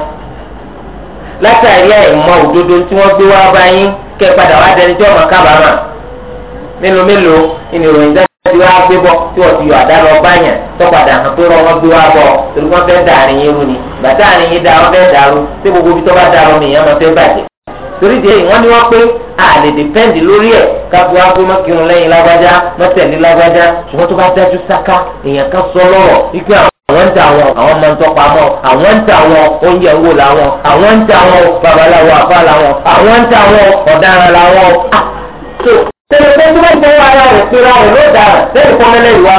látàrí àìmọ̀ òdodo tí wọ́n gbé wá báyìí kẹ́ padà wá dẹni tí ọmọ kábàámà mélòó mélòó ìnìròyìn dájú wá gbé bọ́ tí wọ́n ti yọ àdárọ̀ báyàn tó padà hàn pé wọ́n gbé wá bọ̀ torí wọ́n fẹ́ dàrin yín wuni bàtà àrin yín dá wọ́n fẹ́ dàrú tí gbogbo ibi tó bá dàrú nìyẹn wọ́n fẹ́ bàjẹ́ torí de wọ́n ní wọ́n pé a lè dìpẹ́ǹdì lórí ẹ̀ kápò ápò mọ́kìrún lẹ́yìn lágbájá mọ́tẹ̀lé ṣùgbọ́n tó bá dájú sáká èèyàn kan sọ lọ́rọ̀ ikú àwọn àwọn ń ta àwọn àwọn máa ń tọpa mọ́ àwọn ń ta àwọn oúnjẹ wo làwọn àwọn ń ta àwọn babaláwo àfa làwọn àwọn ń ta àwọn ọ̀daràn làwọn. tẹ̀lé pé tí wọ́n gbowó ara rẹ̀ pé ra rẹ̀ ló dára lẹ́yìn pọ́nmẹ́lẹ́ ìwà.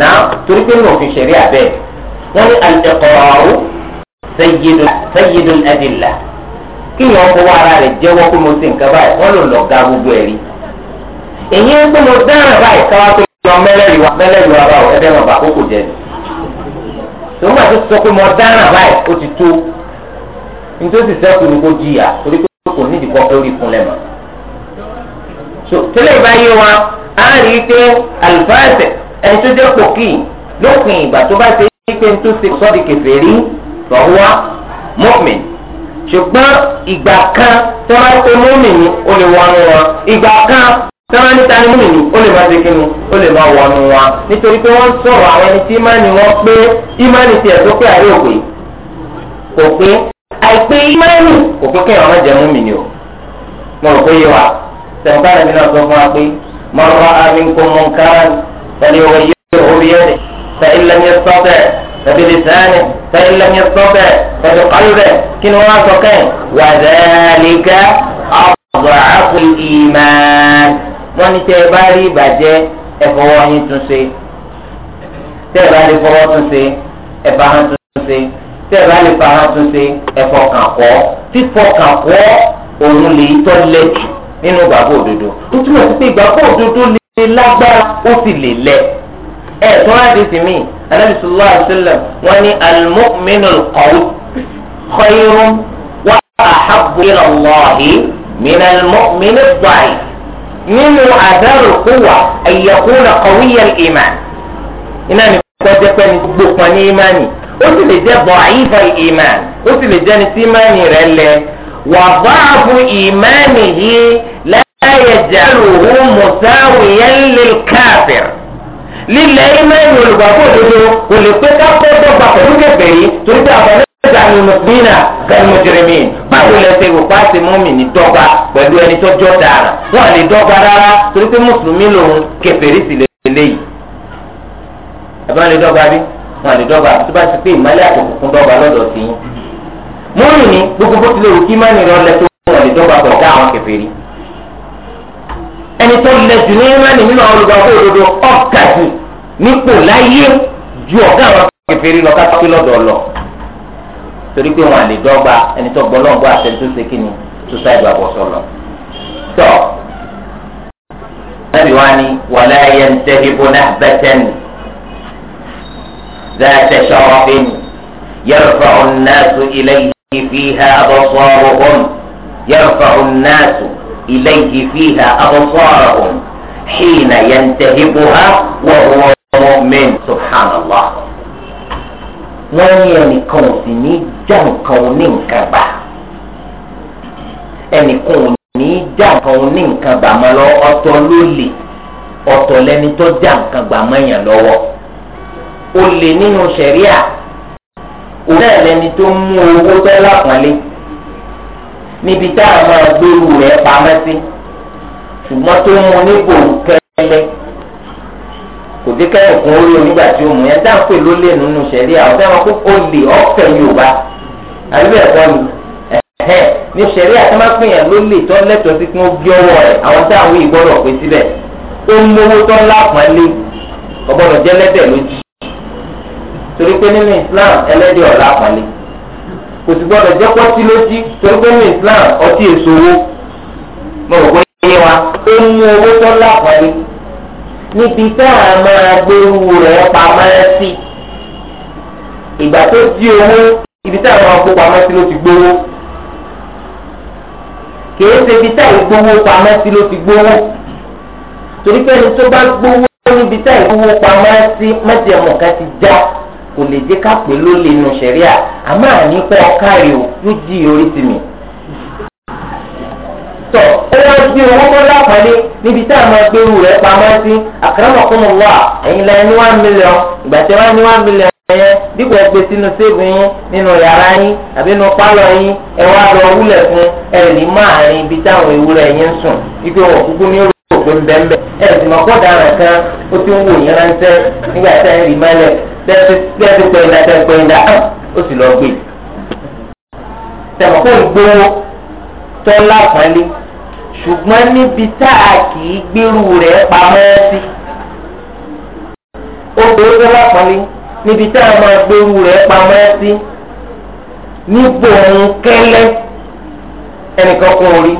nà torí pé mi ò fi ṣẹ̀rí àbẹ́ wọ́n ní al-iqra'u sayyidul adilla kí ni wọ́n fọwọ́ ara rẹ̀ jẹ́wọ́ pé mo ti nǹkan báyìí wọ́n lò lọ́ọ́ ga gbogbo ẹ̀rí. èyí ń sọ mẹlẹ́rì wa mẹlẹ́rì wa báwo ẹ̀dẹ́ náà bá kókò jẹ ni. tòun àti sọ pé mo dáná báyìí ó ti tó nítorí sẹ́kù ni kò jìyà torí pé kò nídìí kọ́ fẹ́ orí fún lẹ́mọ̀. so tẹ́lẹ̀ báyé wa á rí i pé àlùfáàsẹ̀ ẹni tó jẹ́ pòkì lópin ìgbà tó bá ṣe é pé ní tó ṣe sọ́ọ̀dì kẹfẹ́ rí lọ́wọ́ mọ́mìn ṣùgbọ́n ìgbà kan tó bá ṣe mọ́mìn ni ó lè wọ́n wọn ìgbà kan sọ́wọ́n ní ta ni mí ni ó lè máa ṣe kíni ó lè máa wọnú wa nítorí pé wọ́n sọ̀rọ̀ àwọn ẹni tí ìmánì wọn pé ìmánì tiẹ̀ tó pé àyè òpè kò àìpé ìmánì kò pé kéèyàn jẹ́ mú mi o mo rò pé yé wa sẹ̀ǹkà rẹ̀ mi náà sọ fún wa pé máa wá àmì ń mọ nǹkan ẹni wọ yé orí ẹ̀ fẹ́ ilẹ̀ mi sọ bẹ́ẹ̀ tàbí lisani fẹ́ ilẹ̀ mi sọ bẹ́ẹ̀ wọ́n ní tẹ́ ẹ bá rí ìbàjẹ́ ẹ fọwọ́ yín tún ṣe tẹ́ ẹ bá lè fọwọ́ tún ṣe ẹ hàn tún ṣe tẹ́ ẹ bá lè fa tún ṣe ẹ fọkàn kọ́ fífọkàn kọ́ òun lè tọ́ lẹ́jù nínú ìgbàgbọ́ òdodo ó túmọ̀ sí pé ìgbàgbọ́ òdodo lè lágbára ó sì lè lẹ̀ ẹ̀ tó wá di sí mi Ànábì sallallahu alaihi wasallam wọ́n ní al-mu'minul qawi khayrun wa ahabbu nínú àdárò kó wà ẹ̀yẹ̀kúnà kọ̀wéyà ìmàn iná ní kọjá pé ní gbogbo kan ní ìmánì ó sì lè jẹ́ bọ̀ àyífà ìmàn ó sì lè jẹ́ ní tí ìmánì rẹ̀ lẹ̀ wà bá àbú ìmánì yìí láyé jẹ́ àlùhùn mùsáwìyẹ́ lè káfíìrì lílẹ̀ ìmẹ́rin olùgbàgbọ́ òdodo kò lè pé kápẹ́ dọ́gba pẹ̀lú kẹfẹ́ yìí torí pé àbọ̀ mẹ́ta ni mùsùlùmí kẹ́ni mùjẹ̀rẹ̀mí báwo lẹ ṣe wò pa ṣe mọ́mì ní dọ́gba pẹ̀lú ẹni tó jọ́ dára wọ́n lè dọ́gba rárá torí pé mùsùlùmí lòun kẹfẹ́rí sì lè léyìí. àbí wọ́n lè dọ́gba bí wọ́n lè dọ́gba tó bá ti pé ìmọ̀lẹ́ àtòkù fún dọ́gba lọ́dọ̀ sí i. mọ́mì ni gbogbo bó tilẹ̀ òkú ìmọ̀ ẹni tó lẹ jù ní ìmánì nínú àwọn olùgbàgbọ́ òdodo ọ̀gá jù nípò láyé ju ọ̀gá àwọn kèfèrí lọ kápẹ́ lọ́dọ̀ lọ torí pé wọn àlè dọ́gba ẹni tó gbọ́ lọ́gbọ́ àtẹni tó ṣe kí ni tó sá ìgbàgbọ́ sọ̀rọ̀ tọ́ ẹbí wa ni wàlá ẹyẹ ń tẹ́lẹ̀ bó náà bẹ́tẹ́ nì ذات شرف يرفع الناس إليه فيها أبصارهم يرفع الناس إليه فيها أبصارهم حين ينتهبها وهو مؤمن سبحان الله wọ́n ní ẹnìkan ò sì ní já nǹkan ò ní nǹkan gbà ẹnìkan ò ní já nǹkan ò ní nǹkan gbà mọ́ lọ ọ̀tọ̀ ló lè lẹni tó já nǹkan gbà mọ́yàn lọ́wọ́ ó nínú ṣẹ̀ríà òun náà lẹni tó mú owó tó lápọ̀nlé níbi tá a máa gbèrú rẹ̀ pamọ́ sí ṣùgbọ́n tó mú ní bòńkẹ́lẹ́ kò dé kẹ́yọ̀kún orí onígbà tí ó mú yẹn dáhùn pé ló lé nínú ṣẹ̀rí àwọn fẹ́ràn kó o lè ọ̀fẹ́ yorùbá àbíbẹ̀ ẹ̀kọ́ ni ẹ̀hẹ́ ní ṣẹ̀rí àtẹ́mápìyàn ló lè tọ́ lẹ́tọ̀ọ́ sí kí wọ́n gbé ọwọ́ rẹ̀ àwọn táwọn ìgbọ́rọ̀ pé síbẹ̀ ó mówó tọ́ lápọ́nlé ọgbọ́dọ̀ jẹ́ lẹ́dẹ̀ lójú torí pé nínú Islam ẹlẹ́dẹ̀ ọ̀la pọ́nlé kò sì gbọ́dọ̀ jẹ́ pọ́tí lójú torí pé ní Islam ọtí èso owó mo rò pé yé wa ó mú owó tó lápọ̀lé níbi tá a máa gbérú rẹ̀ pamọ́ sí ìgbà tó di owó ibi tá a máa kó pamọ́ sí ló ti gbówó kìí ṣe ibi tá ìgbówó pamọ́ sí ló ti gbówó torí pé ẹni tó bá gbówó níbi tá ìgbówó pamọ́ sí mẹ́tẹ̀ẹ̀mọ̀ ti já kò lè jẹ́ ká pè ló lè nu sẹ̀ríà àmọ́ àní pé ọ̀kárì ò ló jí orí ti mi. tọ́ ó wá sí owó bọ́lá pàdé níbi tá a máa gbé ewu rẹ̀ pamọ́ sí akramakumullah ẹ̀yin la ní one million ìgbà tí wọ́n ní one million yẹn dípò ẹgbẹ́ sínú séèbù yín nínú yàrá yín àbí nínú pálọ̀ yín ẹ wá lọ wúlẹ̀ fún ẹ lè ibi táwọn ewúrẹ́ yín ń sùn ikú wọn kúkú ní òkú ń bẹ́ńbẹ́ ẹ̀ sì mọ̀ kó dára kan ó ti ń wò yín ránṣẹ́ nígbà tẹ́ ẹ̀ rí mẹ́lẹ̀ tẹ́ ẹ ti pẹ́ ìdá tẹ́ ẹ pẹ́ ìdá ó sì lọ gbé. tẹ̀mọ̀kó ìgbówó tó lápọ́nlé ṣùgbọ́n níbi tá a kì í gbérù rẹ̀ pamọ́ sí. ó gbowó tó lápọ́nlé níbi tá a máa gbérù rẹ̀ pamọ́ sí. níbo ń kẹ́lẹ́ ẹnìkan kún orí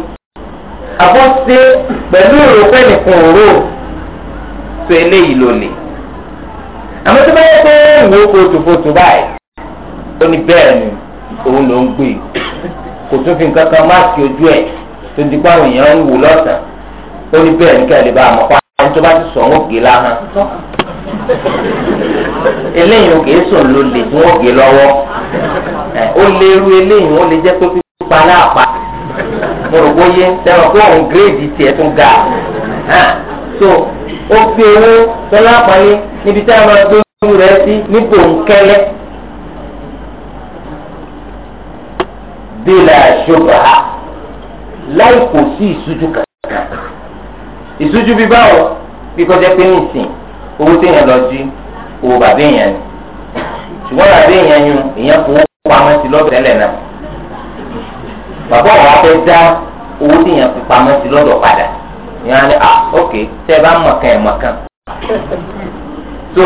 àbọ̀sẹ̀ pẹ̀lú òròpẹ́ nìkan òró tó eléyìí lò lè. àmọ́ tó bá yẹ pé ìwé fotofoto báyìí ó ní bẹ́ẹ̀ ni òun ló ń gbé kò tún fi nǹkan kan máàkì ojú ẹ̀ tó di pé àwọn èèyàn ń wò lọ́sàn-án ó ní bẹ́ẹ̀ ní kẹ́lẹ́ bá àmọ́ pa àwọn tó bá ti sọ wọ́n gé láhàn. eléyìí ò kìí sùn ló lè tí wọ́n gé lọ́wọ́ ó lè ru eléyìí ó lè jẹ́ pé pípa náà pa mo rò bóyé òun gírèdì tiẹ̀ tún ga so ó gbé owó tọ́lá àpáyé níbi tí a máa gbé owó rẹ̀ sí ní bòńkẹ́lẹ́ bílà ṣubha láì kò sí ìṣújú kankan ìṣújú bí báwo bí kọjá pé nìsín owó téèyàn lọ jí owó bàbá èèyàn ni ṣùgbọ́n bàbá èèyàn yun èèyàn kò wọ́n pamọ́ sí lọ́bẹ̀ẹ́lẹ̀ náà. bàbá òun á dá owó tí yẹn pamọ́ sí lọ́dọ̀ padà yẹn á ní à ah, ok tẹ́ ẹ bá mọ̀kan ẹ̀ so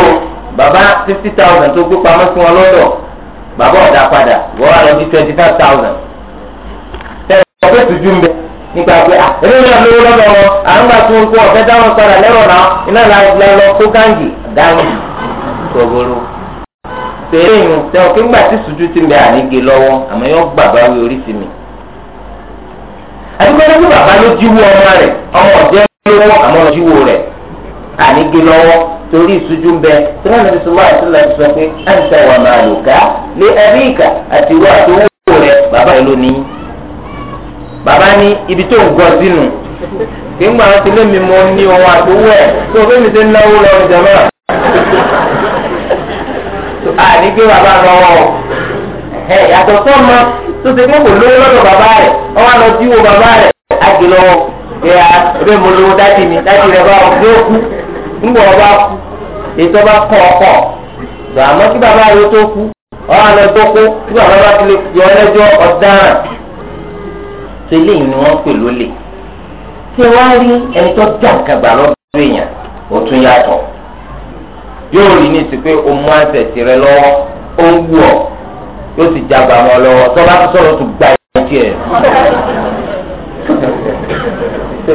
bàbá fifty thousand tó gbé pamọ́ sí wọn lọ́dọ̀ bàbá ọ̀dà padà wọ́n lọ bí twenty five thousand. ọ̀fẹ́ tuntun pé à ah, náà lówó lọ́dọ̀ wọn à ń gbà tó ń kó ọ̀fẹ́ dáhùn lẹ́rọ̀ náà iná la lọ kó dáhùn tí sùdú ti gbàgbá wí àyíkọ́lá ní bàbá ló jíwó ọmọ rẹ̀ ọmọ ọ̀jẹ́ lówó àmọ́ jíwó rẹ̀ ànígi lọ́wọ́ torí ìṣújú ń bẹ tí wọ́n lè sọ sọ àti ìwé rẹ̀ bàbá ibi tó ń gọ sínú kí n mọ ní tó ti náwó lọ ẹ̀ yàtọ̀ ma tó ti kó lówó lọ́dọ̀ bàbá rẹ̀ wọ́n lọ sí wo bàbá rẹ̀ láti lọ ebe mo lówó mi rẹ̀ bá wọn yóò kú ńgbọ̀ ọba kú ètò bá kọ̀ ọkọ̀ gbà àmọ́ kí bàbá tó kú lọ bá yọ ẹlẹ́jọ́ ọ̀daràn tó eléyìí ni wọ́n pè yóò sì jágbá mọ́ lọ́wọ́ tó bá tó gba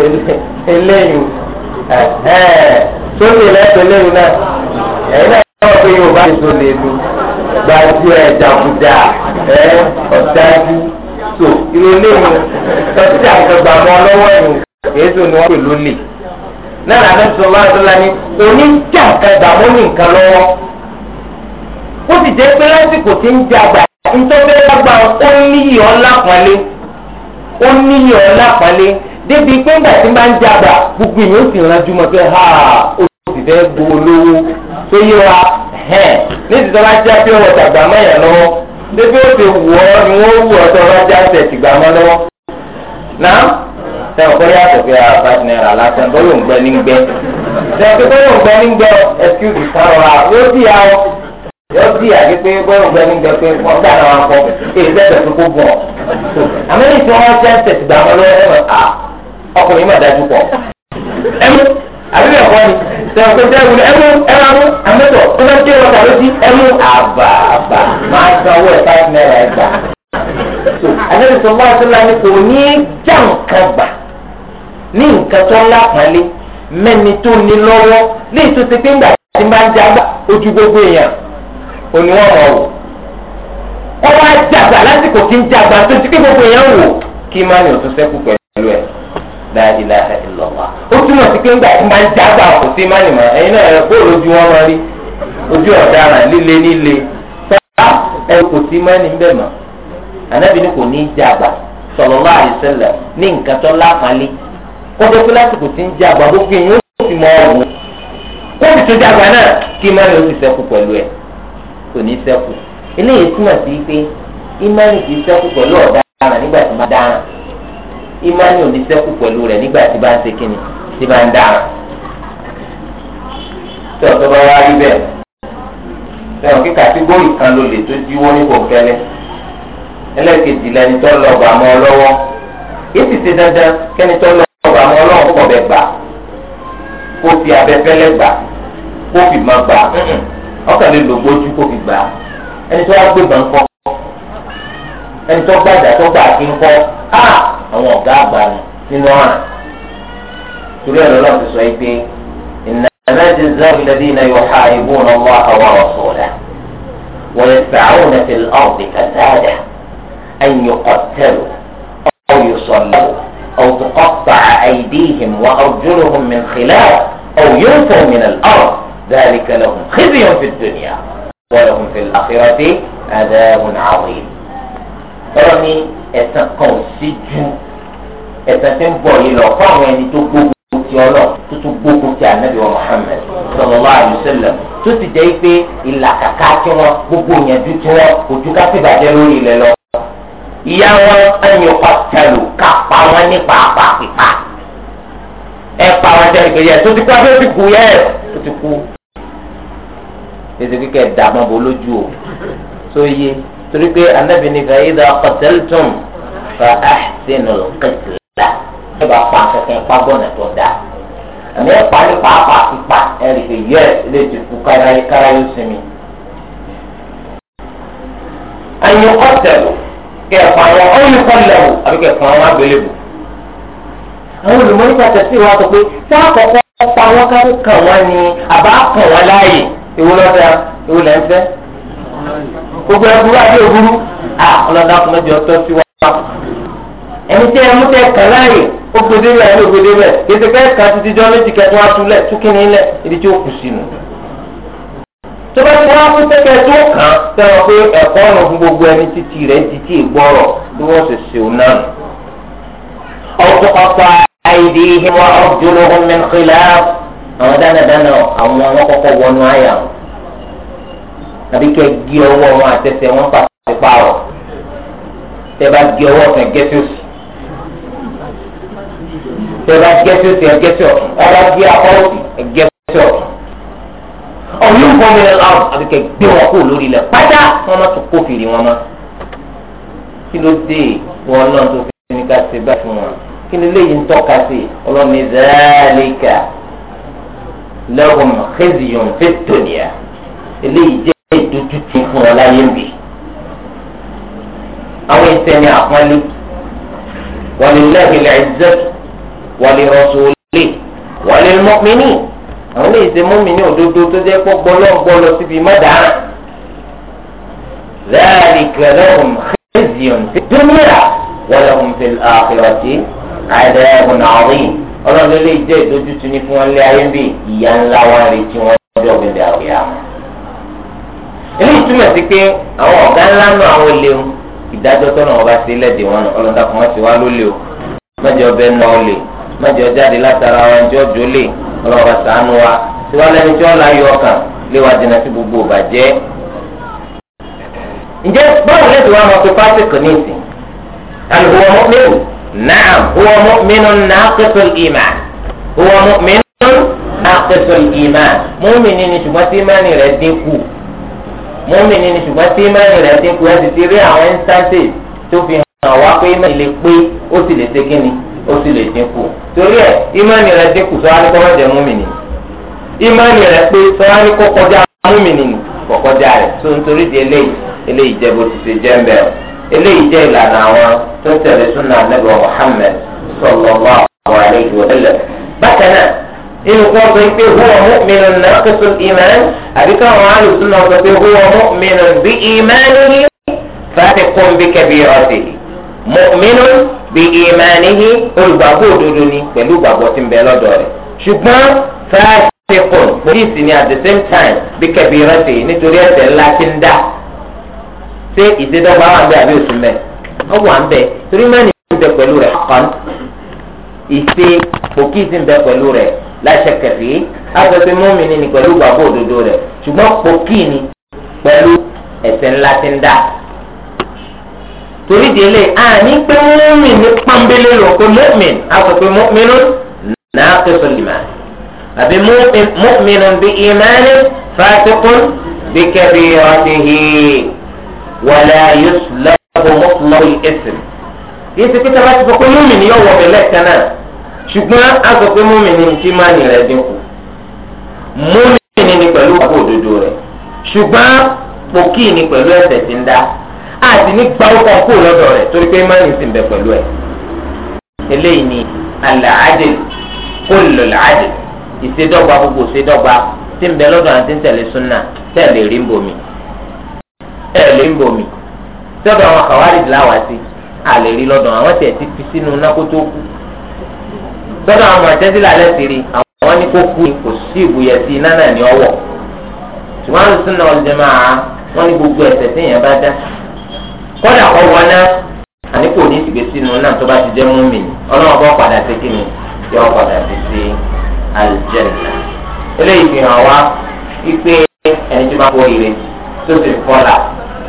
ìdí ẹ̀. eléyìí sókè lẹ́sẹ̀ eléyìí náà ẹ̀yin náà yóò fi yorùbá ètò lè lu gba ìdí ẹ̀ jàkúdà ẹ̀ ọ̀dájú tó ìrọ̀lẹ́yìn tọ́sítà ìjọba mọ́ lọ́wọ́ ẹ̀yìn èso ni wọ́n pè lónìí náà làbẹ́ sọ wá sọ́la ni oníjà kẹgbà mọ́ ní nǹkan lọ́wọ́ ó sì jẹ́ pé lásìkò tí ń jàgbà ntọ́fẹ́ lágbà ó níyì ọ̀la pọ́nlé ó níyì ọ̀la pọ́nlé débi pé ńgbà tí máa ń jágbà gbogbo èèyàn ó sì ránjú mọ́ pé ha ó sì fẹ́ gbowó lówó tó yé wa ní ti sọ́lá jẹ́ pé ọ̀rọ̀ tàgbà mẹ́yàn lọ́wọ́ débi ó ti wù ọ́ ni wọ́n wù ọ́ sọ́lá jẹ́ àṣẹ tìgbà mọ́ lọ́wọ́ náà sẹ́wọ̀n kọ́ yàtọ̀ pé àbá ah, náírà lásán bọ́lọ̀ ń gbẹ́ ní gbẹ́ sẹ́wọ̀n pé bọ́lọ̀ ń gbẹ́ ní gbẹ́ excuse yóò bí àdé pé bọ́ọ̀lù gbẹ́ni gbẹ pé wọ́n dáná wọn kọ èyí sẹ́sẹ̀ tó kó bọ̀ àmì ní ìfọwọ́ sẹ́sẹ̀ gbà wọn lọ́wọ́ ẹ̀rọ à ọkùnrin mà dájú pọ̀ ẹmu àbí bẹ́ẹ̀ kọ́ ni sẹ́wọ́n tó dẹ́rù ẹmu ẹmu àmẹ́tọ̀ tó bá dé wọn tàbí sí ẹmu àbàbà máa san owó ẹ̀ five naira ẹ̀ gbà. àdéhùn sọ wá sí lánàá kò ní já nǹkan gbà ní nǹkan tó lápàlẹ́ mẹ́ni tó ní lọ́wọ́ oníwọ̀rọ̀ wò wọ́n wá jàgbà lásìkò kí ń jàgbà tó ti kí gbogbo èèyàn wò kí má ní òtún sẹ́kù pẹ̀lú ẹ̀ dáadìlá ìlọ́wà ó túmọ̀ sí pé ńgbà tí máa ń jàgbà kò sí má ní mọ̀ ẹ̀yin náà ẹ̀rọ bóòlù ojú wọn máa rí ojú ọ̀daràn líle níle sọ́kà ẹ̀ kò sí má ní bẹ́ẹ̀ mọ̀ ànábì ni kò ní í jàgbà sọ̀lọ́lá àdìsẹ́lẹ̀ ní nǹkan tó lápalẹ́ kọ́tọ́ pé lásìkò tí ń jàgbà gbogbo èèyàn ó sì mọ ọ̀rùn kó kò ní sẹ́kù eléyìí túmọ̀ sí pé ìmánì kì í sẹ́kù pẹ̀lú ọ̀daràn nígbà tí bá dáràn ìmánì ò ní sẹ́kù pẹ̀lú rẹ̀ nígbà tí bá ń ṣe kíni tí bá ń dáràn. tí ọ̀tọ́ bá wá rí bẹ́ẹ̀ sẹ́wọ̀n kí kàtígórì kan ló lè tó jíwó ní bòńkẹ́lẹ́ ẹlẹ́ẹ̀kejì lẹni tó lọ bà mọ́ ọ lọ́wọ́ èsì ti dandan kẹ́ni tó lọ bà mọ́ ọ lọ́wọ́ kọ̀ bẹ́ẹ̀ gbà kó fi abẹ́fẹ́lẹ́ gbà kó fi máa gbà ọkàn lè lò gbójú kó fi gbà á ẹni tó wá gbé bàn kọ ẹni tó gbà gbàdá tó gbà kí n kọ á àwọn ọ̀gá àgbà ni nínú ọ̀ràn torí ẹ̀rọ náà ti sọ yìí pé ìnáná ti zẹ́wọ̀n ìlẹ́dí iná yóò ha ìbú ọ̀nà wá àwọn ọ̀sọ̀ọ̀dà wọ́n lè fẹ́ àwọn ọ̀nà fìlẹ̀ ọ̀dì kàdáàdà ẹ̀yìn ọ̀tẹ̀lù ọ̀yọ̀ sọ̀lẹ̀ ọ̀tọ̀kọ̀tà àìdíhìm wà ọ̀jọ́lùhùn mìíràn ذلك لهم خزي في الدنيا ولهم في الآخرة عذاب عظيم tọ́lọ́ni ẹ̀sán kan ò sí ju ẹ̀sán tí ń bọ̀ yìí lọ fún àwọn ẹni tó gbógun ti ọlọ́ tó tún gbógun ti ànábì wa Muhammad sallallahu alaihi wasallam tó ti jẹ́ pé ìlàkàkà kí wọ́n gbogbo ìyànjú tí wọ́n ojú ká sì bàjẹ́ lórí ilẹ̀ lọ. ìyá wọn ẹ̀yìn pàtàlù ká pa wọn ní pàápàá pípa ẹ̀ pa wọn jẹ́ ìgbéyàwó tó ti kú abẹ́ ti kú yẹ́ ẹ̀ tó ti kú èsì kíkẹ́ dààmú bò lójú o tó yé torí pé anábì ní fa idha qataltum fa ahsinul qitla ẹ bá pa kankan pa gbọ́nà tó dáa àmì ẹ pa ní pàápàá pípa ẹ rí i pé yẹ lè ti kú kára yóò sinmi. ẹ̀yin kọ́tẹ̀lù kẹfà wọn ọ̀yìn kọ́lẹ̀wò àbí kẹfà wọn abẹ́lẹ́wò. àwọn olùmọ̀ọ́nì pàtẹ́sí wa sọ pé sáà kọ́kọ́ pa wọn ká ni àbá kàn wọn láàyè ewu lọ́dà ewu lẹ́ ń fẹ́ gbogbo ẹ̀ burú àti òburú à ọlọ́dà kò mẹ́jọ tọ́ sí wa. ẹni tí ẹ mú tẹ kàn láàyè ó gbèdé rẹ̀ ló gbèdé kété kẹ́ kan títí jọ méjì kẹtọ́ wá túlẹ̀ túkìní lẹ̀ ibi tí ó kù sínú. tó bá ti wá fún tẹ́kẹ̀ tó kàn sẹ́wọ̀n pé ẹ̀kọ́ ọ̀nà fún gbogbo ẹni títí rẹ̀ títí ìgbọ́rọ̀ bí wọ́n ṣe ṣe òun náà. ọ̀tọ̀ àwọn dánadáná àwọn na wọnú àyà wọn àbí kẹ́ gé ọwọ́ wọn àtẹsẹ̀ wọn pàṣípààrọ̀ tẹ́ bá gé ọwọ́ ọ̀sán gẹ́sí òsì ọwụwa bá gẹ́sí òsì ẹ̀gẹ́sí ọ̀tún ọba gé apá òsì ẹ̀gẹ́sí ọ̀tún lọ àbí gbé wọn kó lórí pátá wọn má tún wọn má kí ló dé wọn náà tó fi ní ká ṣe bá fún wọn kí léyìí ń lahum khizyun fid dunya eléyìí jẹ́ ìdójútì fún wọn láyé ń bì. àwọn ìsẹ̀ni àpọ́nlé walillahi al-izzatu wa li rasulihi wa lil mu'minin àwọn ilé ìsẹ̀ mọ́mìnì òdodo tó jẹ́ pọ́ gbọ́lọ́gbọ́lọ́ síbi mọ́dàá dhalika lahum khizyun fid dunya wa lahum fil akhirati adhabun adhim ọlọ́run ló lè jẹ́ ìdójútu ní fún wọn lé ayé bí ìyá ńlá wa ń retí wọn lọ́jọ́ gbẹ̀dẹ̀ àwòyá wọn. eléyìí túmọ̀ sí pé àwọn ọ̀gá ńlá náà àwọn olè o ìdájọ́ tọ́nà ọba sí lẹ́dẹ̀ wọn ọlọ́dà kò má ti wá lólè o mẹ́jọ ọbẹ̀ náà olè mẹ́jọ jáde látara wa ń jọ́ jólè ọlọ́ba sànú wa tiwálẹ́ni tí wọ́n láyọ̀ ọkàn lé wa dènà sí gbogbo ìbàjẹ́. ǹjẹ́ báwo lè نعم هو مؤمن ناقص الإيمان هو مؤمن ناقص الإيمان مؤمن إن شبه إيمان رديكو مؤمن إن شبه إيمان رديكو هذه تري أو إنسانسي توفي هوا كي ما يلقي أو تلتكني أو تلتكو torí ẹ ìmánì rẹ dínkù sọ wáyé kọ́kọ́ jẹ múmìnì ìmánì rẹ pé sọ wáyé kọ́kọ́ já múmìnì kọ́kọ́ já rẹ tó nítorí di eléyìí eléyìí jẹ bó ti ṣe jẹ́ ń bẹ̀rẹ̀ eléyìí jẹ́ ìlànà àwọn tó ń tẹ̀lé súnà ànábì Muhammad sallallahu alayhi wa sallam. bákan náà inú kan sọ pé huwa mu'minun naqisul iman àbí káwọn àlùsùn náà sọ pé huwa mu'minun bi imanihi fasiqun bi kabiratihi mu'minun bi imanihi olùgbàgbọ́ òdodo ni pẹ̀lú ìgbàgbọ́ tí ń bẹ lọ́dọ̀ rẹ̀ ṣùgbọ́n fasiqun pólíìsì ni at the same time bi kabiratihi nítorí ẹ̀ṣẹ̀ ńlá ti ń dá ṣé ìṣèdọ́gba wà ń bẹ àbí òsì mẹ́ ọ wà ń bẹ torí mẹ́rin ń bẹ pẹ̀lú rẹ̀ kan ìṣe pòkìsì ń bẹ pẹ̀lú rẹ̀ láṣẹ kẹfì àgbẹ̀pẹ̀ mọ́mìnì ni pẹ̀lú gbàgbọ́ òdodo rẹ̀ ṣùgbọ́n pòkì ni pẹ̀lú ẹ̀ṣẹ̀ ńlá ti ń dá torí délé àní pé mọ́mìnì pọ́nbélé lọ pé mọ́mìn àgbẹ̀pẹ̀ mọ́mìnì náà pẹ̀sọ̀ lìmọ̀ àbí mọ́mìnì bí ìmọ̀ wàlẹ́ ayélujáfẹ́ mọ́tòmọ́tò ẹ̀sìn. yìí ti pété láti sọ pé múmi ni yóò wọ bẹ̀lẹ̀ kan náà ṣùgbọ́n a sọ pé múmi ni ti máa nì rẹ̀ dínkù múmi ni pẹ̀lú àbò òdodo rẹ̀ ṣùgbọ́n pòkì ni pẹ̀lú ẹ̀ṣẹ̀ ti ń dá àti ní gbáwókọ kó lọ́dọ̀ rẹ̀ torí pé má ní sìn bẹ̀ pẹ̀lú ẹ̀. eléyìí ni àlàádìl kó ìṣèdọ́gba gbogbo ìṣèdọ́gba tí ń bẹ lọ́dọ̀ àti ń tẹ̀lé súnà tẹ̀lé rí ẹ̀ lè ń bomi sọ́dọ̀ àwọn kàwárí làwà sí àlè rí lọ́dọ̀ àwọn tẹ̀ ti fi sínú nákó tó kú sọ́dọ̀ àwọn àtẹ́sílẹ̀ alẹ́ ti rí àwọn ní kó kú ni kò sí ìbúyẹ sí iná náà ní ọwọ́ ṣùgbọ́n àwọn sùn náà lè máa wọ́n ní gbogbo ẹ̀ṣẹ̀ tí èèyàn bá dá kọ́dà kọ́ wọn náà àní kò ní ìsìgbè sínú náà tó bá ti jẹ́ mú mi ọlọ́wọ́n bọ́ padà sí kí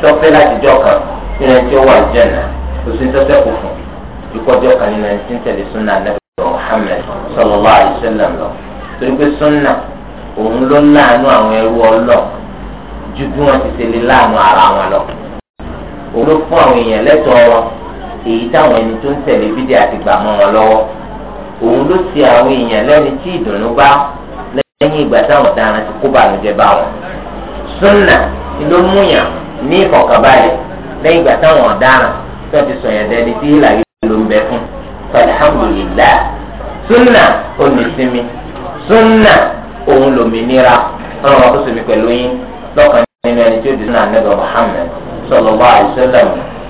tọ́pẹ́ láti jọ kan nínú ẹni tí ó wà àlùjànnà kò sí tọ́pẹ́ kò fún ìkọjọ́ kan nínú ẹni tí ń tẹ̀lé súnà nàbẹ̀ Muhammad sallallahu alaihi wasallam lọ torí pé súnà òun ló láàánú àwọn ẹrú ọlọ́ ju bí wọ́n ti ṣe lè láàánú ara wọn lọ òun ló fún àwọn èèyàn lẹ́tọ̀ọ́ wọn èyí táwọn ẹni tó ń tẹ̀lé bídẹ́ àti gbà mọ́ wọn lọ́wọ́ òun ló ti àwọn èèyàn lẹ́ni tí ìdùnnú bá lẹ́yìn ìgbà táwọn ọ̀daràn ti kó bàlùjẹ́ bá wọn súnà ló múyàn ní ìfọ̀kànbalẹ̀ lẹ́yìn ìgbà táwọn ọ̀daràn tó ti sọ̀yàn dẹni tí ìlàyé ló ń bẹ fún alhamdulilayi sunna onísìnmi sunna òun lòmìnira ọlọ́run wa kó sèmi pẹ̀lú yín lọ́kàn nínú ẹni tí ó di sunna anabi muhammed sallallahu alaihi wasallam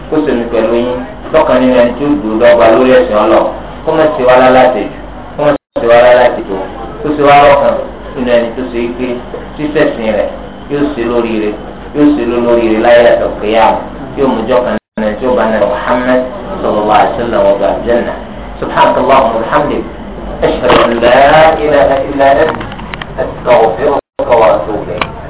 kó sèmi pẹ̀lú yín lọ́kàn nínú ẹni tí ó dùn lọ́gba lórí ẹ̀sìn ọlọ́ kó má ṣe wá láláṣẹ jù kó má ṣe wá láláṣẹ tó kó ṣe wá lọ́kàn nínú ẹni tó ṣe é gbé sísẹ̀sìn rẹ̀ yóò ṣe lóríire yóò sì ló lórí rẹ̀ láyé ẹ̀sọ̀ kéyàwó yóò mú jọ́ kan náà tí ó bá nàbẹ̀ Muhammad sallallahu alaihi wasallam wa bá jẹ́nà subhanaka Allahumma wa bihamdik ashhadu an la ilaha illa anta astaghfiruka wa atubu ilayk.